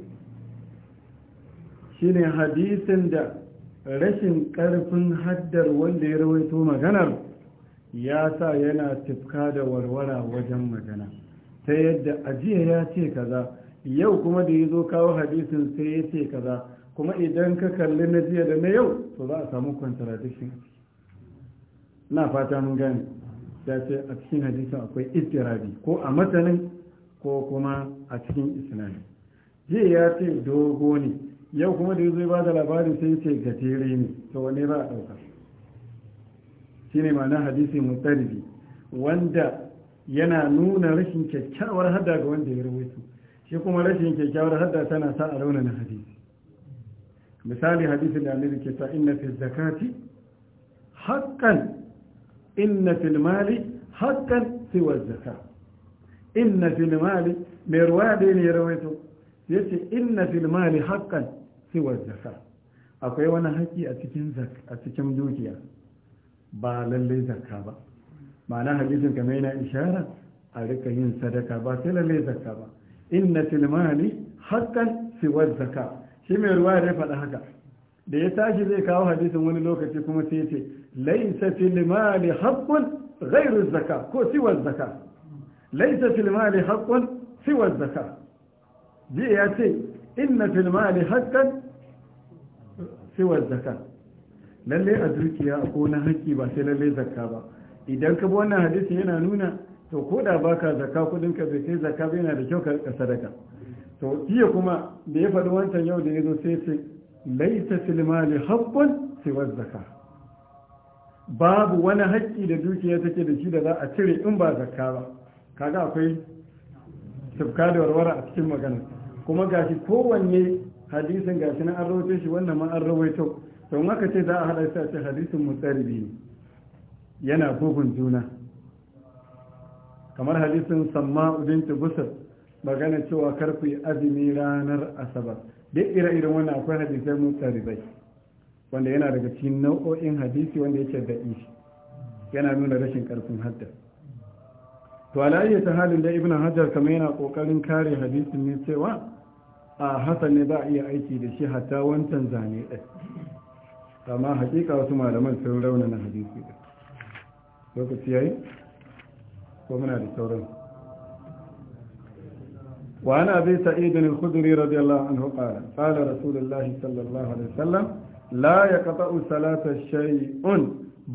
shine hadisin da rashin karfin haddar wanda ya rawaito maganar ya sa yana tifka da warwara wajen magana ta yadda ajiya ya ce kaza yau kuma da ya zo kawo hadisin sai ya ce kaza kuma idan ka kalli na jiya da na yau to za a samu contradiction na fata mun gane ya ce a cikin hadisin akwai ittirabi ko a matanin ko kuma a cikin islami jiya ya ce dogo ne yau kuma da zai ba da labari sai ce gajere ne to wani ba a ɗauka shi ne ma'ana hadisi mutarbi wanda yana nuna rashin kyakkyawar hada ga wanda ya rubuta, shi kuma rashin kyakkyawar hada tana sa a raunana hadisi misali hadisin da annabi ke ta inna fi zakati haqqan inna fil mali haqqan siwa zaka inna fil mali mai ruwaya da ne rawaito yace inna fil mali haqqan siwa zaka akwai wani haƙƙi a cikin zak a cikin dukiya ba lallai zakka ba ma'ana hadisin kamar yana ishara a rika yin sadaka ba sai lallai zakka ba inna fil mali haqqan siwar zaka shi mai ruwa ya faɗa haka da ya tashi zai kawo hadisin wani lokaci kuma sai ce laisa fil mali haqqun ghairu zakka ko siwa zakka laisa fil mali haqqun siwa zakka ji ya ce inna fil mali haqqan siwa zakka lalle a dukiya ko na haƙƙi ba sai lalle zakka ba idan ka bi wannan hadisin yana nuna to ko da baka zakka kudin ka bai kai zakka ba yana da kyau ka sadaka to jiya kuma da ya faɗi wancan yau da ya zo sai ce laita silmali haƙƙun siwar zaka babu wani haƙƙi da dukiya take da shi da za a cire in ba zakka ba kaga akwai sifka da warwara a cikin magana kuma gashi kowanne hadisin gashi na an rawaito shi wannan ma an rawaito to in aka ce za a haɗa shi hadisin mutsaribi ne yana bugun juna kamar hadisin samma udin tibusar. magana cewa karku azumi ranar asabar duk ire-iren wannan akwai hadisai mutsaribai wanda yana daga cikin nau'o'in hadisi wanda yake da ishi yana nuna rashin karfin hadda to alayya ta halin da ibn hajar kamar yana kokarin kare hadisin ne cewa a hasan ne za a iya aiki da shi hatta wancan zane ɗin amma hakika wasu malaman sun raunana hadisi ɗin lokaci yayi ko muna da sauran وعن أبي سعيد الخدري رضي الله عنه قال قال رسول الله صلى الله عليه وسلم لا يقطع صلاة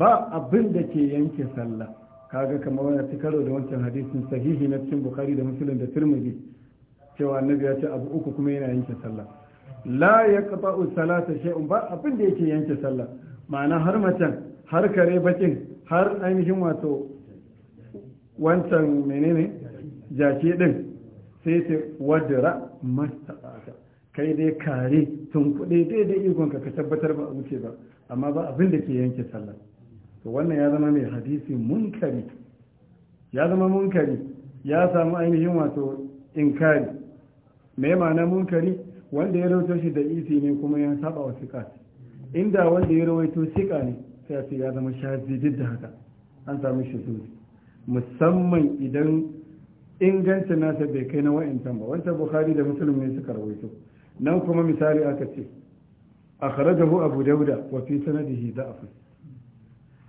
ba abin da ke yanke sallah kaga kamar wani karo da wancan hadisin sahihi na cikin bukhari da muslim da tirmidhi cewa annabi ya abu uku kuma yana yanke sallah la yaqta'u salata shay'un ba abin da yake yanke sallah mana har macen har kare bakin har ainihin wato wancan menene jaki ɗin. sai ce masta ta kai dai kare tun dai dai ikon ka ka tabbatar ba a wuce ba amma ba abin da ke yanke sallah to wannan ya zama mai hadisi munkari ya zama munkari ya samu ainihin wato inkari mai ma'ana munkari wanda ya rawaito shi da isi ne kuma ya saba wa sika inda wanda ya rawaito sika ne sai ya zama shazi da haka an samu shi musamman idan ingancin nasa bai kai na wa'intan ba wancan bukhari da muslim ne suka rawaito nan kuma misali aka ce akhrajahu abu dauda wa fi sanadihi da'af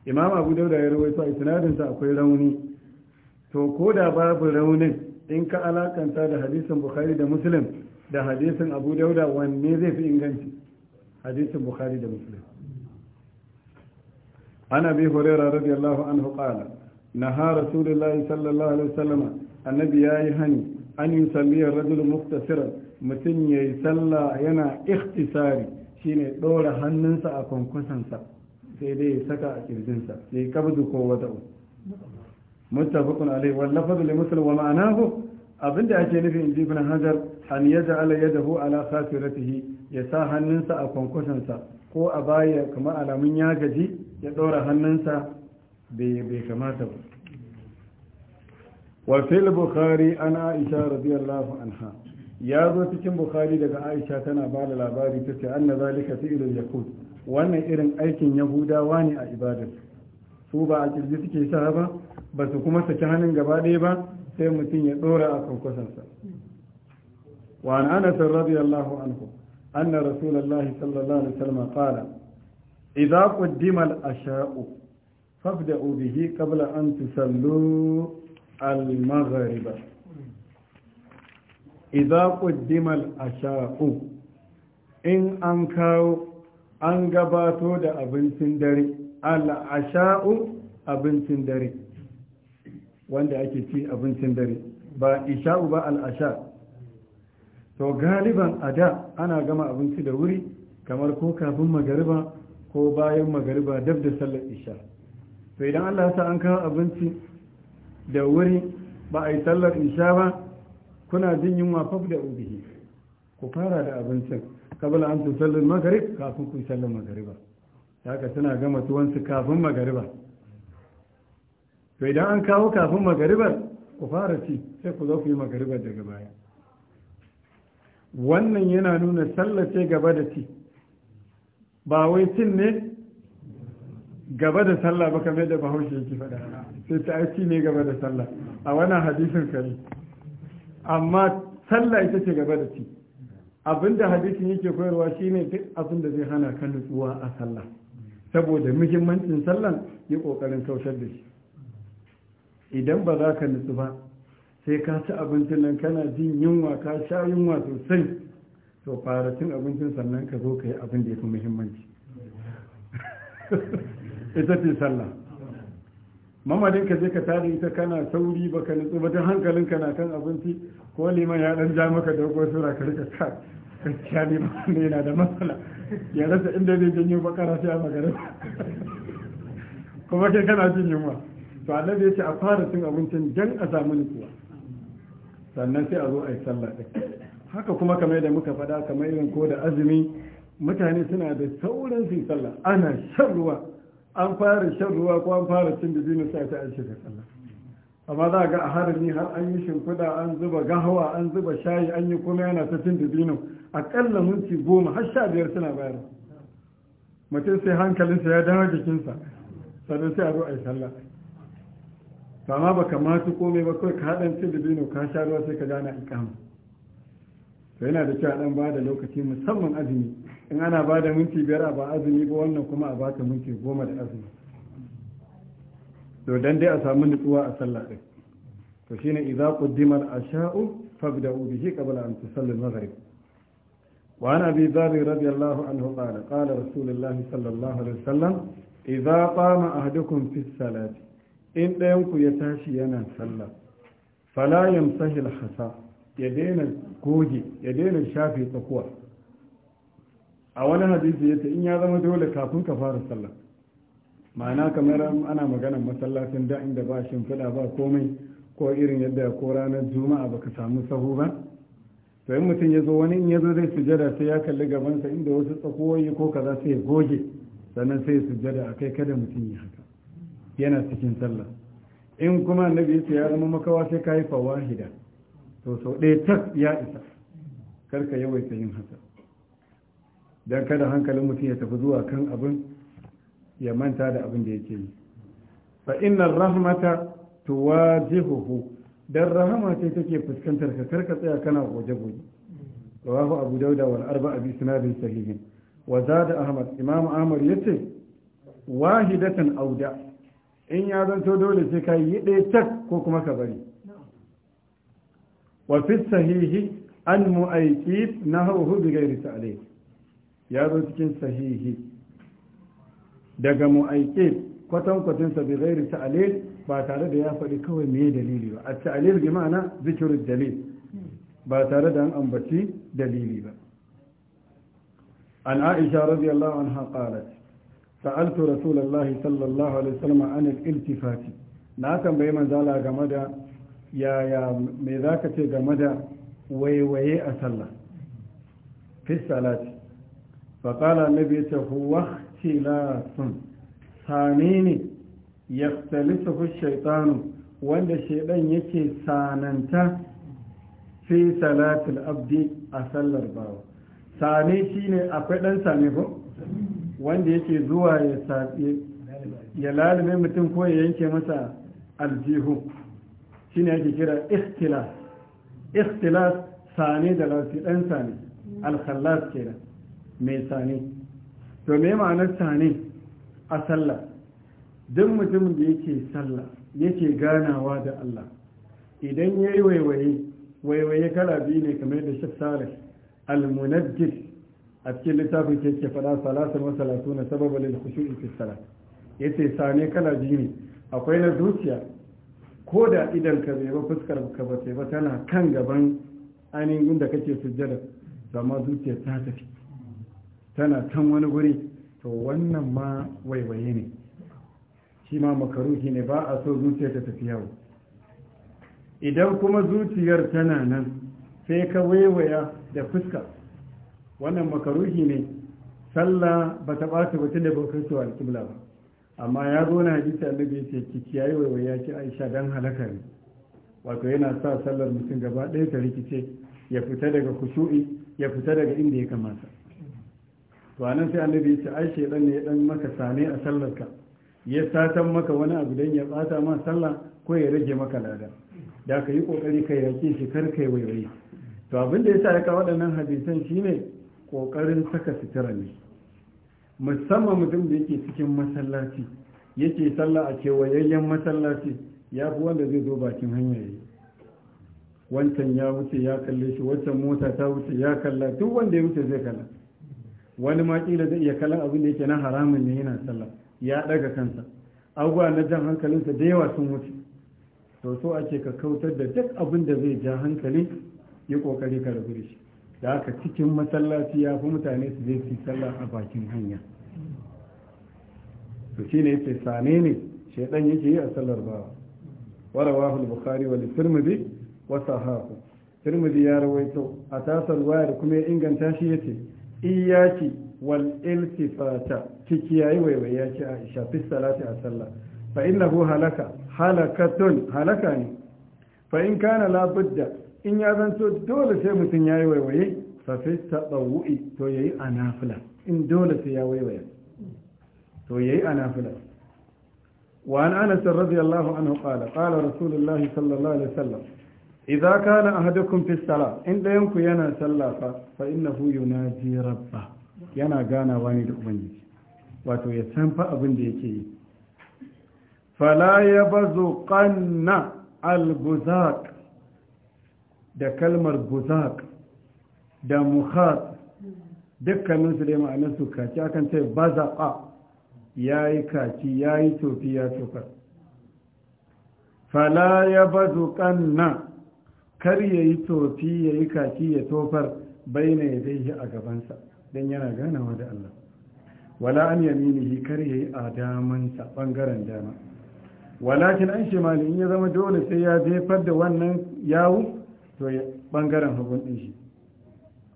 imam abu dauda ya rawaito a sanadin sa akwai rauni to ko da babu raunin in ka alakanta da hadisin bukhari da muslim da hadisin abu dauda wanne zai fi inganci hadisin bukhari da muslim Ana bi هريره radiyallahu الله عنه قال نهى رسول الله صلى الله عليه وسلم annabi ya yi hani an yi salliyar rajul muktasirar mutum ya yi sallah yana ikhtisari shine ɗora hannunsa a kwankwasansa sai dai ya saka a kirjinsa ya yi kabdu ko wata muttafaqun alaihi wal lafzu li musulun wa ma'anahu abinda ake nufi in ji ibn hajar an ya yadahu ala khasiratihi ya sa hannunsa a kwankwasansa ko a baya kamar alamun ya gaji ya ɗora hannunsa bai kamata ba wa fil bukhari an aisha radiyallahu anha ya zo cikin bukhari daga aisha tana ba da labari ta ce an na zalika fi'ilul yahud wannan irin aikin yahudawa ne a ibadar su ba a kirji suke sa ba ba su kuma saki hannun gaba ɗaya ba sai mutum ya ɗora a kwankwasansa wa an anas radiyallahu anhu anna rasulullah sallallahu alaihi wasallam qala idza qaddima al-asha'u fabda'u bihi qabla an tusallu المغرب إذا قدم الأشاء إن أنكاو أنقباتو دا أبن سندري العشاء أبن سندري wanda ake ci abincin dare ba isha'u ba al'asha to galiban a da ana gama abinci da wuri kamar ko kafin magariba ko bayan magariba dab da sallar isha to idan allah sa an kawo abinci da wuri ba a yi sallar isha ba kuna jin yunwa faf da ubihi ku fara da abincin kabila an su sallar magarib kafin ku sallar magariba haka suna gama tuwansu kafin magariba to idan an kawo kafin magaribar ku fara ci sai ku zo ku yi magaribar daga baya wannan yana nuna sallace gaba da ci ba wai cin ne gaba da sallah ba kamar da bahaushe yake faɗa sai ta aiki ne gaba da sallah a wannan hadisin kare amma sallah ita ce gaba da ci abinda hadisin yake koyarwa shine duk abin da zai hana kan nutsuwa a sallah saboda muhimmancin sallan yi kokarin kaushar da shi idan ba za ka nutsu ba sai ka ci abincin nan kana jin yunwa ka sha yunwa sosai to fara cin abincin sannan ka zo ka yi abin da ya fi muhimmanci ita ce sallah mamadin ka je ka tare ita kana sauri ba ka nutsu ba hankalin ka na kan abinci ko liman ya dan ja maka da dogon sura ka rika ka gaskiya ne ne yana da matsala ya rasa inda zai janyo bakara sai a magana kuma kai kana jin yunwa to annabi ya ce a fara cin abincin dan a samu nutsuwa sannan sai a zo a yi sallah din haka kuma kamar yadda muka faɗa kamar irin ko da azumi mutane suna da sauran su sallah ana shan ruwa an fara shan ruwa ko an fara cin da dabino sai ta an shiga sallah amma za ga a harami har an yi shimfiɗa an zuba gahawa an zuba shayi an yi kuma yana ta cin da A aƙalla minti goma har sha biyar suna bayar mutum sai hankalinsa ya dawo jikinsa sannan sai a zo a yi sallah amma ba kamata komai ba kawai ka haɗa cin da dabino ka sha ruwa sai ka gane ikama to yana da kyau dan bada lokaci musamman azumi in ana bada minti biyar a ba azumi ba wannan kuma a baka minti goma da azumi to dan dai a samu nutsuwa a sallah din to shine idza quddima al-asha'u fabda'u bihi qabla an tusalli al-maghrib wa ana bi dhari radiyallahu anhu qala qala rasulullah sallallahu alaihi wasallam idza qama ahadukum fi as-salati in ɗayanku ya tashi yana salla. fala yamsahil hasa ya daina goge ya daina shafe tsakuwa a wani hadisi ya ce in ya zama dole kafin ka fara sallah ma'ana kamar ana maganar masallacin da inda ba shimfiɗa ba komai ko irin yadda ko ranar juma'a baka samu sahu ba to in mutum ya zo wani in ya zo zai sujada sai ya kalli gabansa inda wasu tsakuwoyi ko kaza sai ya goge sannan sai ya sujada a kai kada mutum ya haka yana cikin sallah in kuma annabi ya ya zama makawa sai ka yi fawahida to sau ɗaya tas ya isa karka yawaita yin haka don kada hankalin mutum ya tafi zuwa kan abin ya manta da abin da yake yi fa innar rahmata tuwajihuhu dan rahama ce take fuskantar ka karka tsaya kana goje goje rawahu abu dauda wal arba'a bi sanadin sahihin wa da ahmad imam ahmad yace wahidatan auda in ya zanto dole sai ka yi ɗaya tak ko kuma ka bari wa sahihi an mu'aikib na hauhu bi gairi ta'alif ya zo cikin sahihi daga mu'aikib kwatankwacinsa bi gairi ta'alif ba tare da ya faɗi kawai me dalili ba a ta'alif bi ma'ana zikirin dalil ba tare da an ambaci dalili ba an aisha radiyallahu anha qalat سألت رسول sallallahu alaihi الله عليه وسلم عن الالتفات na tambayi manzala game da yaya me za ka ce game da waiwaye a sallah fi salati faƙala na ya ce huwa sun sane ne ya fi shaitanu wanda shaidan yake sananta fi salatul abdi a sallar bawa sane shine akwai ɗan sane ko wanda yake zuwa ya lalime mutum ko ya yanke masa aljihu shine ake kira istilas istilas sane da lafi ɗan sane al-khallas kenan mai sane to me ma'anar sane a sallah duk mutum da yake sallah yake ganawa da Allah idan yayi waiwaye waiwaye kala biyu ne kamar da Sheikh Salih al a cikin littafin ke ke fada salatin wa salatuna sababa lil khushu'i fi salat yace sane kala biyu ne akwai na zuciya ko da idan ka zai ba fuskar ka ba ba tana kan gaban ainihin da kake sujjada zama zuciya ta tafi tana can wani guri to wannan ma waiwaye ne shi ma makaruhi ne ba a so zuciya ta tafi yawo idan kuma zuciyar tana nan sai ka waiwaya da fuska wannan makaruhi ne sallah ba ta ɓata mutum da bakar su alƙibla ba amma ya zo na hadisi annabi ya ce ki kiyaye waiwai ya ce aisha dan halaka ne wato yana sa sallar mutum gaba ɗaya ta rikice ya fita daga kushu'i ya fita daga inda ya kamata to anan sai annabi ya ce aisha dan ne dan maka sane a sallar ka ya satan maka wani abu dan ya bata ma sallah ko ya rage maka lada da ka yi kokari ka yake shi kar kai waiwai to abin da yasa ya ka waɗannan hadisan shine kokarin saka sutura ne musamman mutum da yake cikin masallaci yake sallah a kewayayyen masallaci ya fi wanda zai zo bakin hanya yi wancan ya wuce ya kalle shi wancan mota ta wuce ya kalla duk wanda ya wuce zai kalla wani ma kila zai iya kallon abin da yake na haramun ne yana sallah ya ɗaga kansa abubuwa na jan hankalinsa da yawa sun wuce to so ake ka kautar da duk abin da zai ja hankali yi kokari ka rabu da shi da haka cikin masallaci ya fi mutane su je su sallah a bakin hanya to shi ne sai, sane ne shaidan yake yi a sallar bawa warawa bukhari wa tirmidhi wa sahahu tirmidhi ya rawaito a tasar wayar kuma ya inganta shi yace iyaki wal iltifata kiki yayi waiwai ya a aisha fi salati a sallah fa innahu halaka halakatun halaka ne fa in kana la budda in ya zan so dole sai mutum ya yi waiwaye fafi taɓa wu'i to ya yi a nafila in dole sai ya waiwaye to ya yi a nafila wa an ana sun radi Allah anhu haƙala ƙala rasulullahi sallallahu alaihi sallam idza kana ahadukum fi sala in dayan ku yana sallafa fa innahu yunaji rabba yana gana wani da ubangiji wato ya san fa abin da yake yi fala yabzuqanna albuzak. da kalmar guzak da muhat su dai su kaci akan ce bazaƙa ya yi kaci ya yi tofi ya tofar fala ya bazu ƙanna kar ya yi tofi ya yi kaci ya tofar bai na ya a gabansa don yana ganawa da Allah wala an yaminihi kar ya yi a damansa ɓangaren dama walakin an shimali in ya zama dole sai ya jefar da wannan yawu to bangaren hagun din shi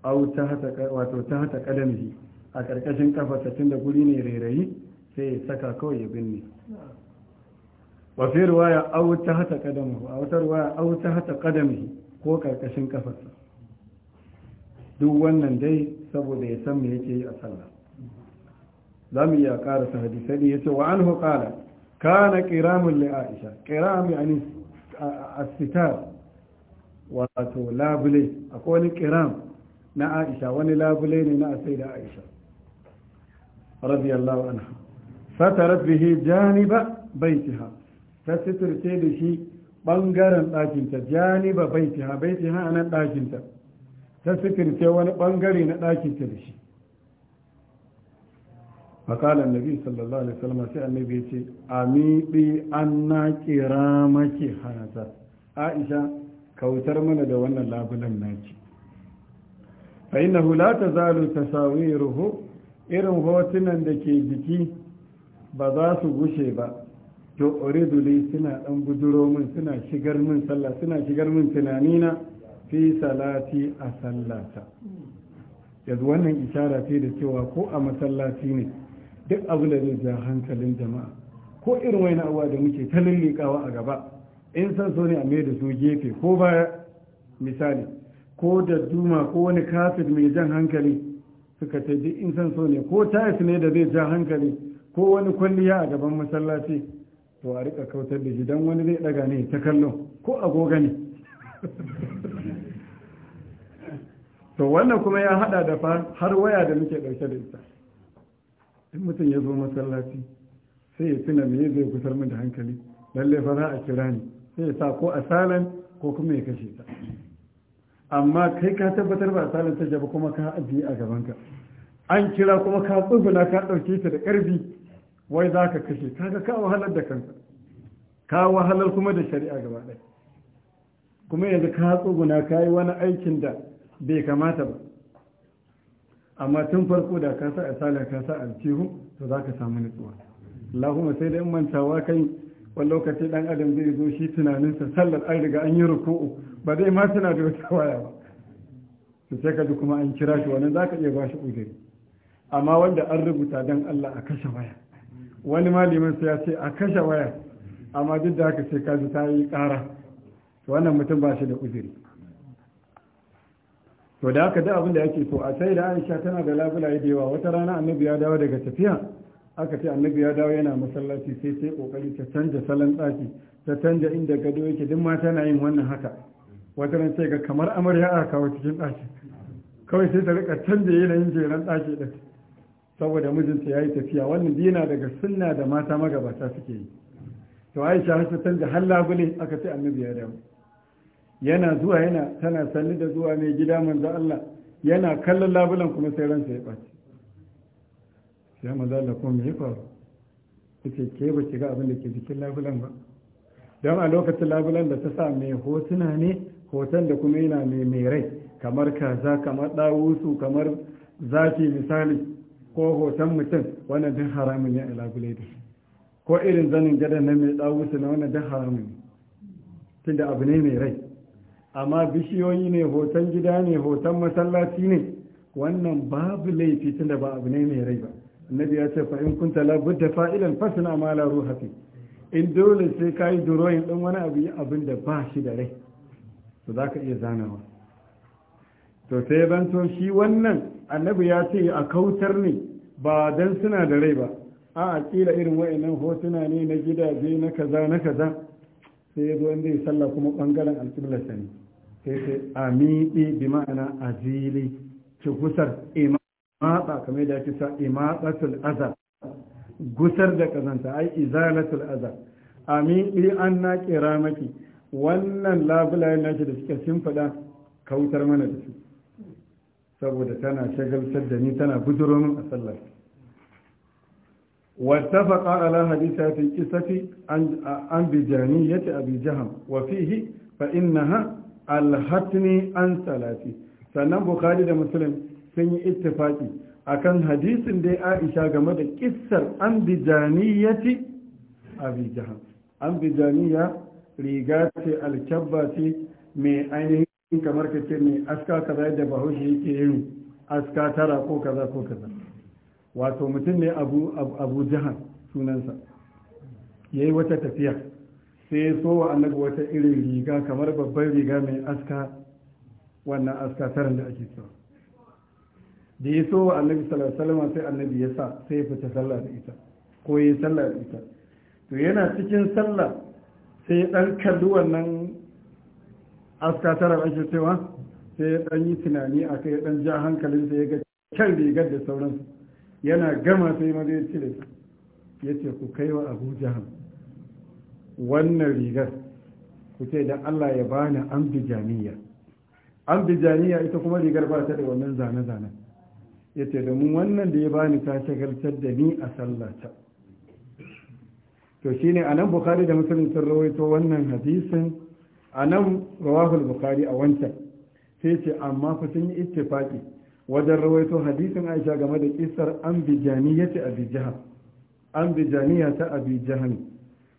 au ta hata wato ta hata kadamihi a karkashin kafarsa tunda guri ne rairayi sai ya saka kawai ya binne wa fi au ta hata a wata ruwaya au ta hata ko karkashin kafarsa duk wannan dai saboda ya san me yake yi a sallah za mu iya sa hadisai ne ya ce wa an hukala kana kiramun li aisha kiram yani asitar wato labule akwai wani kiram na aisha wani labule ne na asai da aisha radiyallahu anha fatarat bihi janiba baitiha ta sitirce da shi bangaren ɗakinta janiba baitiha baitiha a nan ɗakinta ta sitirce wani bangare na ɗakinta da shi alaihi النبي صلى الله عليه ce a النبي an na انا كرامك هذا Aisha. kautar mana da wannan labulan naki fa innahu la tazalu tasawiruhu irin hotunan da ke jiki ba za su gushe ba to uriduli suna dan buduro min suna shigar min sallah suna shigar min tunanina fi salati a sallata yanzu wannan isara ce da cewa ko a masallaci ne duk abu da zai ja hankalin jama'a ko irin wani abuwa da muke ta lullikawa a gaba in san so ne a mai da su gefe ko baya misali ko da duma ko wani kafin mai jan hankali suka ta duk in san so ne ko tayis ne da zai ja hankali ko wani kwalliya a gaban masallaci to a rika kautar da shi don wani zai daga ne ta kallon ko agoga ne to wannan kuma ya hada da fa har waya da muke dauke da ita in mutum ya zo masallaci sai ya tuna me zai kusar min da hankali lalle fa za a kira ni sai sa ko a ko kuma ya kashe ta amma kai ka tabbatar ba a salan ta jaba kuma ka ajiye a gabanka an kira kuma ka tsuguna ka ɗauke ta da ƙarfi wai za ka kashe kaga ka wahalar da kanka ka wahalar kuma da shari'a gaba ɗaya kuma yanzu ka tsuguna ka yi wani aikin da bai kamata ba amma tun farko da ka sa a salan ka sa alcihu to za ka samu nutsuwa Allahumma sai da in mantawa kai wani lokaci dan adam zai zo shi tunaninsa sallar an riga an yi ruku'u ba zai ma tana da wata waya ba to sai ka ji kuma an kira shi wani za ka iya bashi shi amma wanda an rubuta dan Allah a kashe waya wani malamin sai ya ce a kashe waya amma duk da haka sai ka ji ta yi ƙara to wannan mutum ba shi da uzuri to da haka duk abin da yake so a sai da Aisha tana da labulaye da yawa wata rana annabi ya dawo daga tafiya aka ce annabi ya dawo yana masallaci sai sai kokari ta canja salon daki ta canja inda gado yake duk mata na yin wannan haka wata ran sai ga kamar amarya a kawo cikin daki kawai sai ta rika canja yanayin jeran daki da saboda mijinta yayi tafiya wannan dina daga sunna da mata magabata suke yi to Aisha har ta canja har labule aka ce annabi ya dawo yana zuwa yana tana sanni da zuwa mai gida manzo Allah yana kallon labulan kuma sai ransa ya ɓaci ya maza da kuma mai ya faru kace ke ba shiga abin da ke jikin labulan ba don a lokacin labulan da ta sa mai hotuna ne hoton da kuma yana mai mai rai kamar kaza kamar ɗawusu kamar zafi misali ko hoton mutum wannan duk haramun ya a labulai da ko irin zanin gadon na mai ɗawusu na wannan duk haramun ne tunda abu ne mai rai amma bishiyoyi ne hoton gida ne hoton masallaci ne wannan babu laifi tunda ba abu ne mai rai ba annabi ya ce fa in kunta la budda fa'ilan fasna ma la ruha fi in dole sai kai drawing din wani abu abin da ba shi da rai to zaka iya zanawa to sai ban to shi wannan annabi ya ce a kautar ne ba dan suna da rai ba a kila irin wayannan hotuna ne na gidaje na kaza na kaza sai ya inda ya sallah kuma bangaren alƙiblar sani sai sai amidi bi ma'ana azili ki cikusar iman matsa kamar da ake sa imatsatul azab gusar da kazanta ai izalatul azab amin bi an na kira maki wannan labulayen nashi da suke sun faɗa kautar mana da su saboda tana shagaltar da ni tana bujiro min a sallar واتفق على حديث في القصة عن بجانية أبي جهم وفيه فإنها الهتني an صلاتي sannan bukhari da muslim sun yi ittifaki kan hadisin dai Aisha game da kissar ambijaniyati abi An ambijaniya riga ce alkyabba ce mai ainihin kamar ka ce mai aska kaza yadda bahaushe yake yin aska tara ko kaza ko kaza wato mutum ne abu jihar sunansa ya yi wata tafiya sai ya so wa annabi wata irin riga kamar babban riga mai aska wannan aska tara da ake cewa da ya so wa annabi sallallahu alaihi sai annabi ya sa sai fita sallah da ita ko ya sallah da ita to yana cikin sallah sai ya dan kalli wannan aska tara ake cewa sai ya dan yi tunani a kai ya dan ja hankalin sai ya ga kyan rigar da sauransu yana gama sai ma ya cire ya ce ku kai wa abu jahan wannan rigar ku ce da allah ya bani an bijaniya ita kuma rigar ba ta da wannan zane-zanen Yace ce domin wannan da ya bani ta shagaltar da ni a sallata to shine a nan da musulun sun rawaito wannan hadisin a nan rawahul bukari a wancan sai ce amma fa sun yi ittifaki wajen rawaito hadisin aisha game da ƙisar an ta abi jihar an ta abi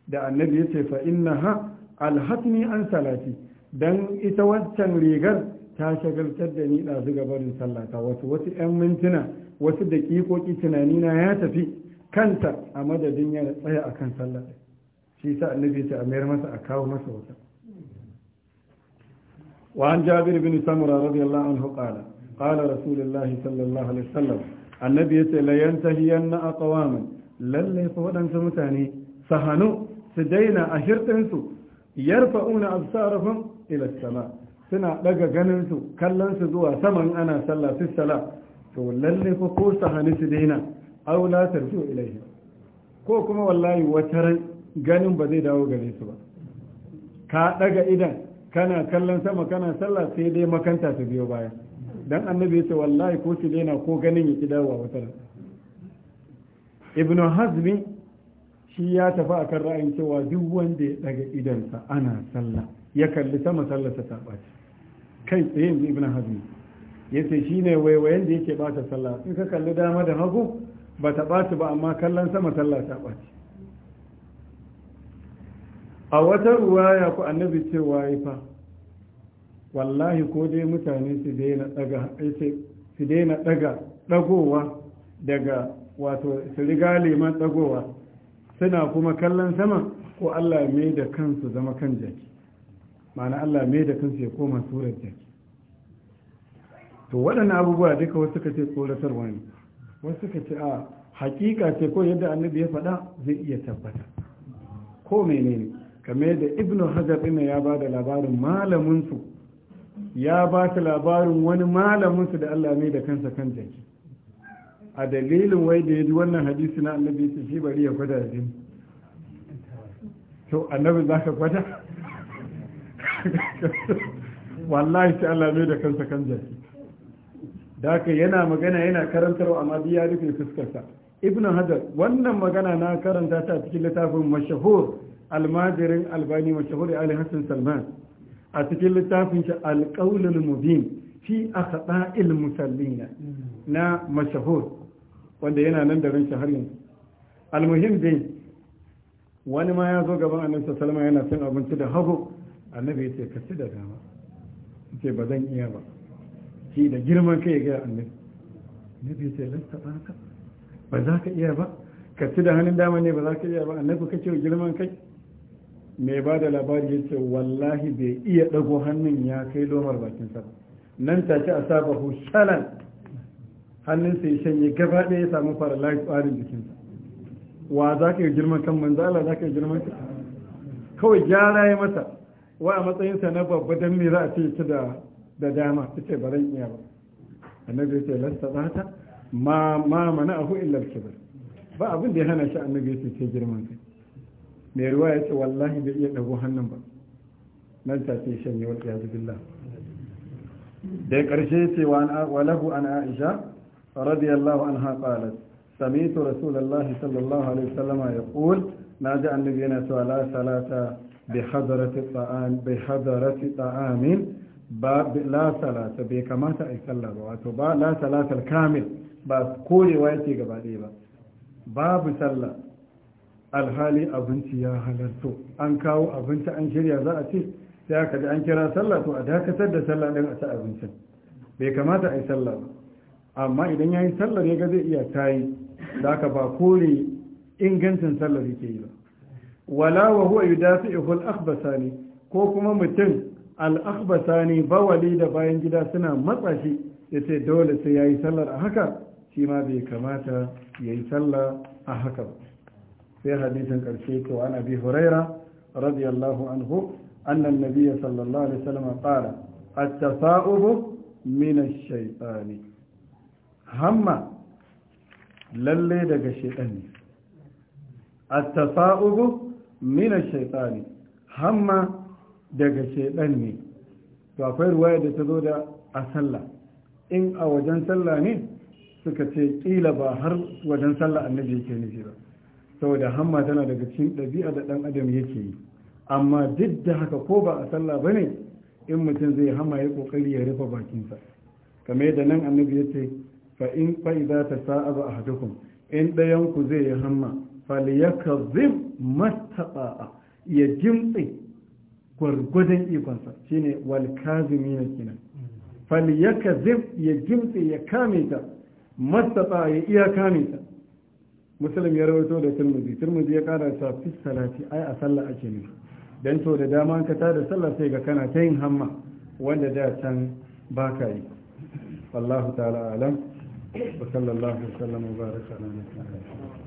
da annabi ya ce fa innaha ha alhatni an salati dan ita wancan rigar ta shagaltar da ni ɗazu ga barin sallata wasu wasu 'yan mintuna wasu daƙiƙoƙi tunanina ya tafi kanta a madadin yana tsaya a kan sallata, shi sa annabi ce a mayar masa a kawo masa wata وعن جابر بن سمرة رضي الله عنه قال قال رسول الله صلى الله عليه وسلم النبي لا ينتهين أقواما لن يفوضن سمتاني سهنوا سدينا أشرتنسوا يرفعون أبصارهم إلى sama. suna daga ganinsu kallonsu zuwa saman ana sallah fi sala to lalle fa ko su hannu su daina aw la tarju ilaihi ko kuma wallahi wata ganin ba zai dawo gare su ba ka daga idan kana kallon sama kana sallah sai dai makanta ta biyo baya dan annabi yace wallahi ko su daina ko ganin ya ki dawo wata ran ibnu hazmi shi ya tafi akan ra'ayin cewa duk wanda ya daga idansa ana sallah ya kalli sama sallar ta ɓaci kai tsaye yanzu ibn hazmi yace shine waiwayen da yake bata sallah in ka kalli dama da hagu ba ta ɓaci ba amma kallon sama sallah ta ɓaci a wata ruwa ya ku annabi cewa yi fa wallahi ko dai mutane su daina ɗaga ɗagowa daga wato su riga liman ɗagowa suna kuma kallon sama ko allah mai da kansu zama kan jaki ma'ana Allah mai da kansu ya koma surar jaki to waɗannan abubuwa duka wasu suka ce tsoratarwa ne wasu suka ce a hakika ce ko yadda annabi ya faɗa zai iya tabbata ko menene kamar yadda ibnu hajar ɗin ya ba da labarin malaminsu ya ba ta labarin wani malaminsu da Allah mai da kansa kan jaki a dalilin wai da ya ji wannan hadisi na annabi ya shi bari ya gwada jini to annabi za ka gwada wallahi ta Allah mai da kansa kan jaki da haka yana magana yana karantarwa amma duk ya rufe fuskarsa ibn hajar wannan magana na karanta ta cikin littafin mashahur almajirin albani mashahur ali hassan salman a cikin littafin shi alƙaulul mubin fi akhda'il musallina na mashahur wanda yana nan da ran har yanzu almuhim dai wani ma ya zo gaban annabi sallallahu yana cin abinci da hagu annabi ya ce ka ci da dama ce ba zan iya ba shi da girman kai ga annabi annabi ya ce lasta ba ka ba za ka iya ba ka ci da hannun dama ne ba za ka iya ba annabi ka ce girman kai mai ba da labari ya ce wallahi bai iya ɗago hannun ya kai lomar bakin sa nan take a saba hu shalan hannun sai shanye gaba ɗaya ya samu fara lafi tsarin jikinsa wa za ka yi girman kan manzala za ka yi girman kai kawai gyara ya masa wa a matsayinsa na babba don me za a ce ki da da dama ta ce ba zan iya ba annabi ya ce lasta za ta ma ma mana a illa kibir ba abin da ya hana shi annabi ya ce ce girman kai mai ruwa ya ce wallahi bai iya dago hannun ba nan ta ce shanye ya zubi la da karshe ce wa lahu an aisha radiyallahu anha qalat sami'tu rasulullahi sallallahu alaihi wasallama na ji annabi yana cewa la salata بحضرة طعام بحضرة طعام باب لا ثلاثة بكما تأكل واتبا لا ثلاثة الكامل ba korewa yake gaba ɗaya ba babu sallah alhali abinci ya halarto an kawo abinci an shirya za a ce sai aka ji an kira sallah to a dakatar da sallar ɗin a ci abincin bai kamata a yi sallah ba amma idan ya yi sallar ya ga zai iya tayi da aka ba kore ingancin sallar yake yi ba wala wa huwa yudafi'uhu al-akhbasani ko kuma mutum al-akhbasani bawali da bayan gida suna matsa shi yace dole sai yayi sallar a haka shi ma bai kamata yayi sallah a haka sai hadisin karshe to an abi huraira radiyallahu anhu anna an-nabiy sallallahu alaihi wasallam qala at-tasa'ubu min ash shaytan hamma lalle daga shaytan at-tasa'ubu mina shaitani hamma daga shaitan ne to akwai ruwaya da ta zo da a sallah in a wajen sallah ne suka ce kila ba har wajen sallah annabi yake nufi ba saboda hamma tana daga cikin ɗabi'a da ɗan adam yake yi amma duk da haka ko ba a sallah ba ne in mutum zai hama ya kokari ya rufe bakinsa kamar yadda nan annabi ya ce fa in fa idza tasa'aba ahadukum in ɗayanku ku zai yi hamma falyakazib mastaqa ya jimtsi gwargwadon ikonsa shine wal kazimina kenan falyakazib ya jimtsi ya kame ta mastaqa ya iya kame ta muslim ya rawaito da turmuzi turmuzi ya kara ta fi salati ai a sallah ake nufi dan to da dama ka ta da sallah sai ga kana ta yin hamma wanda da can baka yi wallahu ta'ala alam wa sallallahu alaihi wa sallam wa baraka ala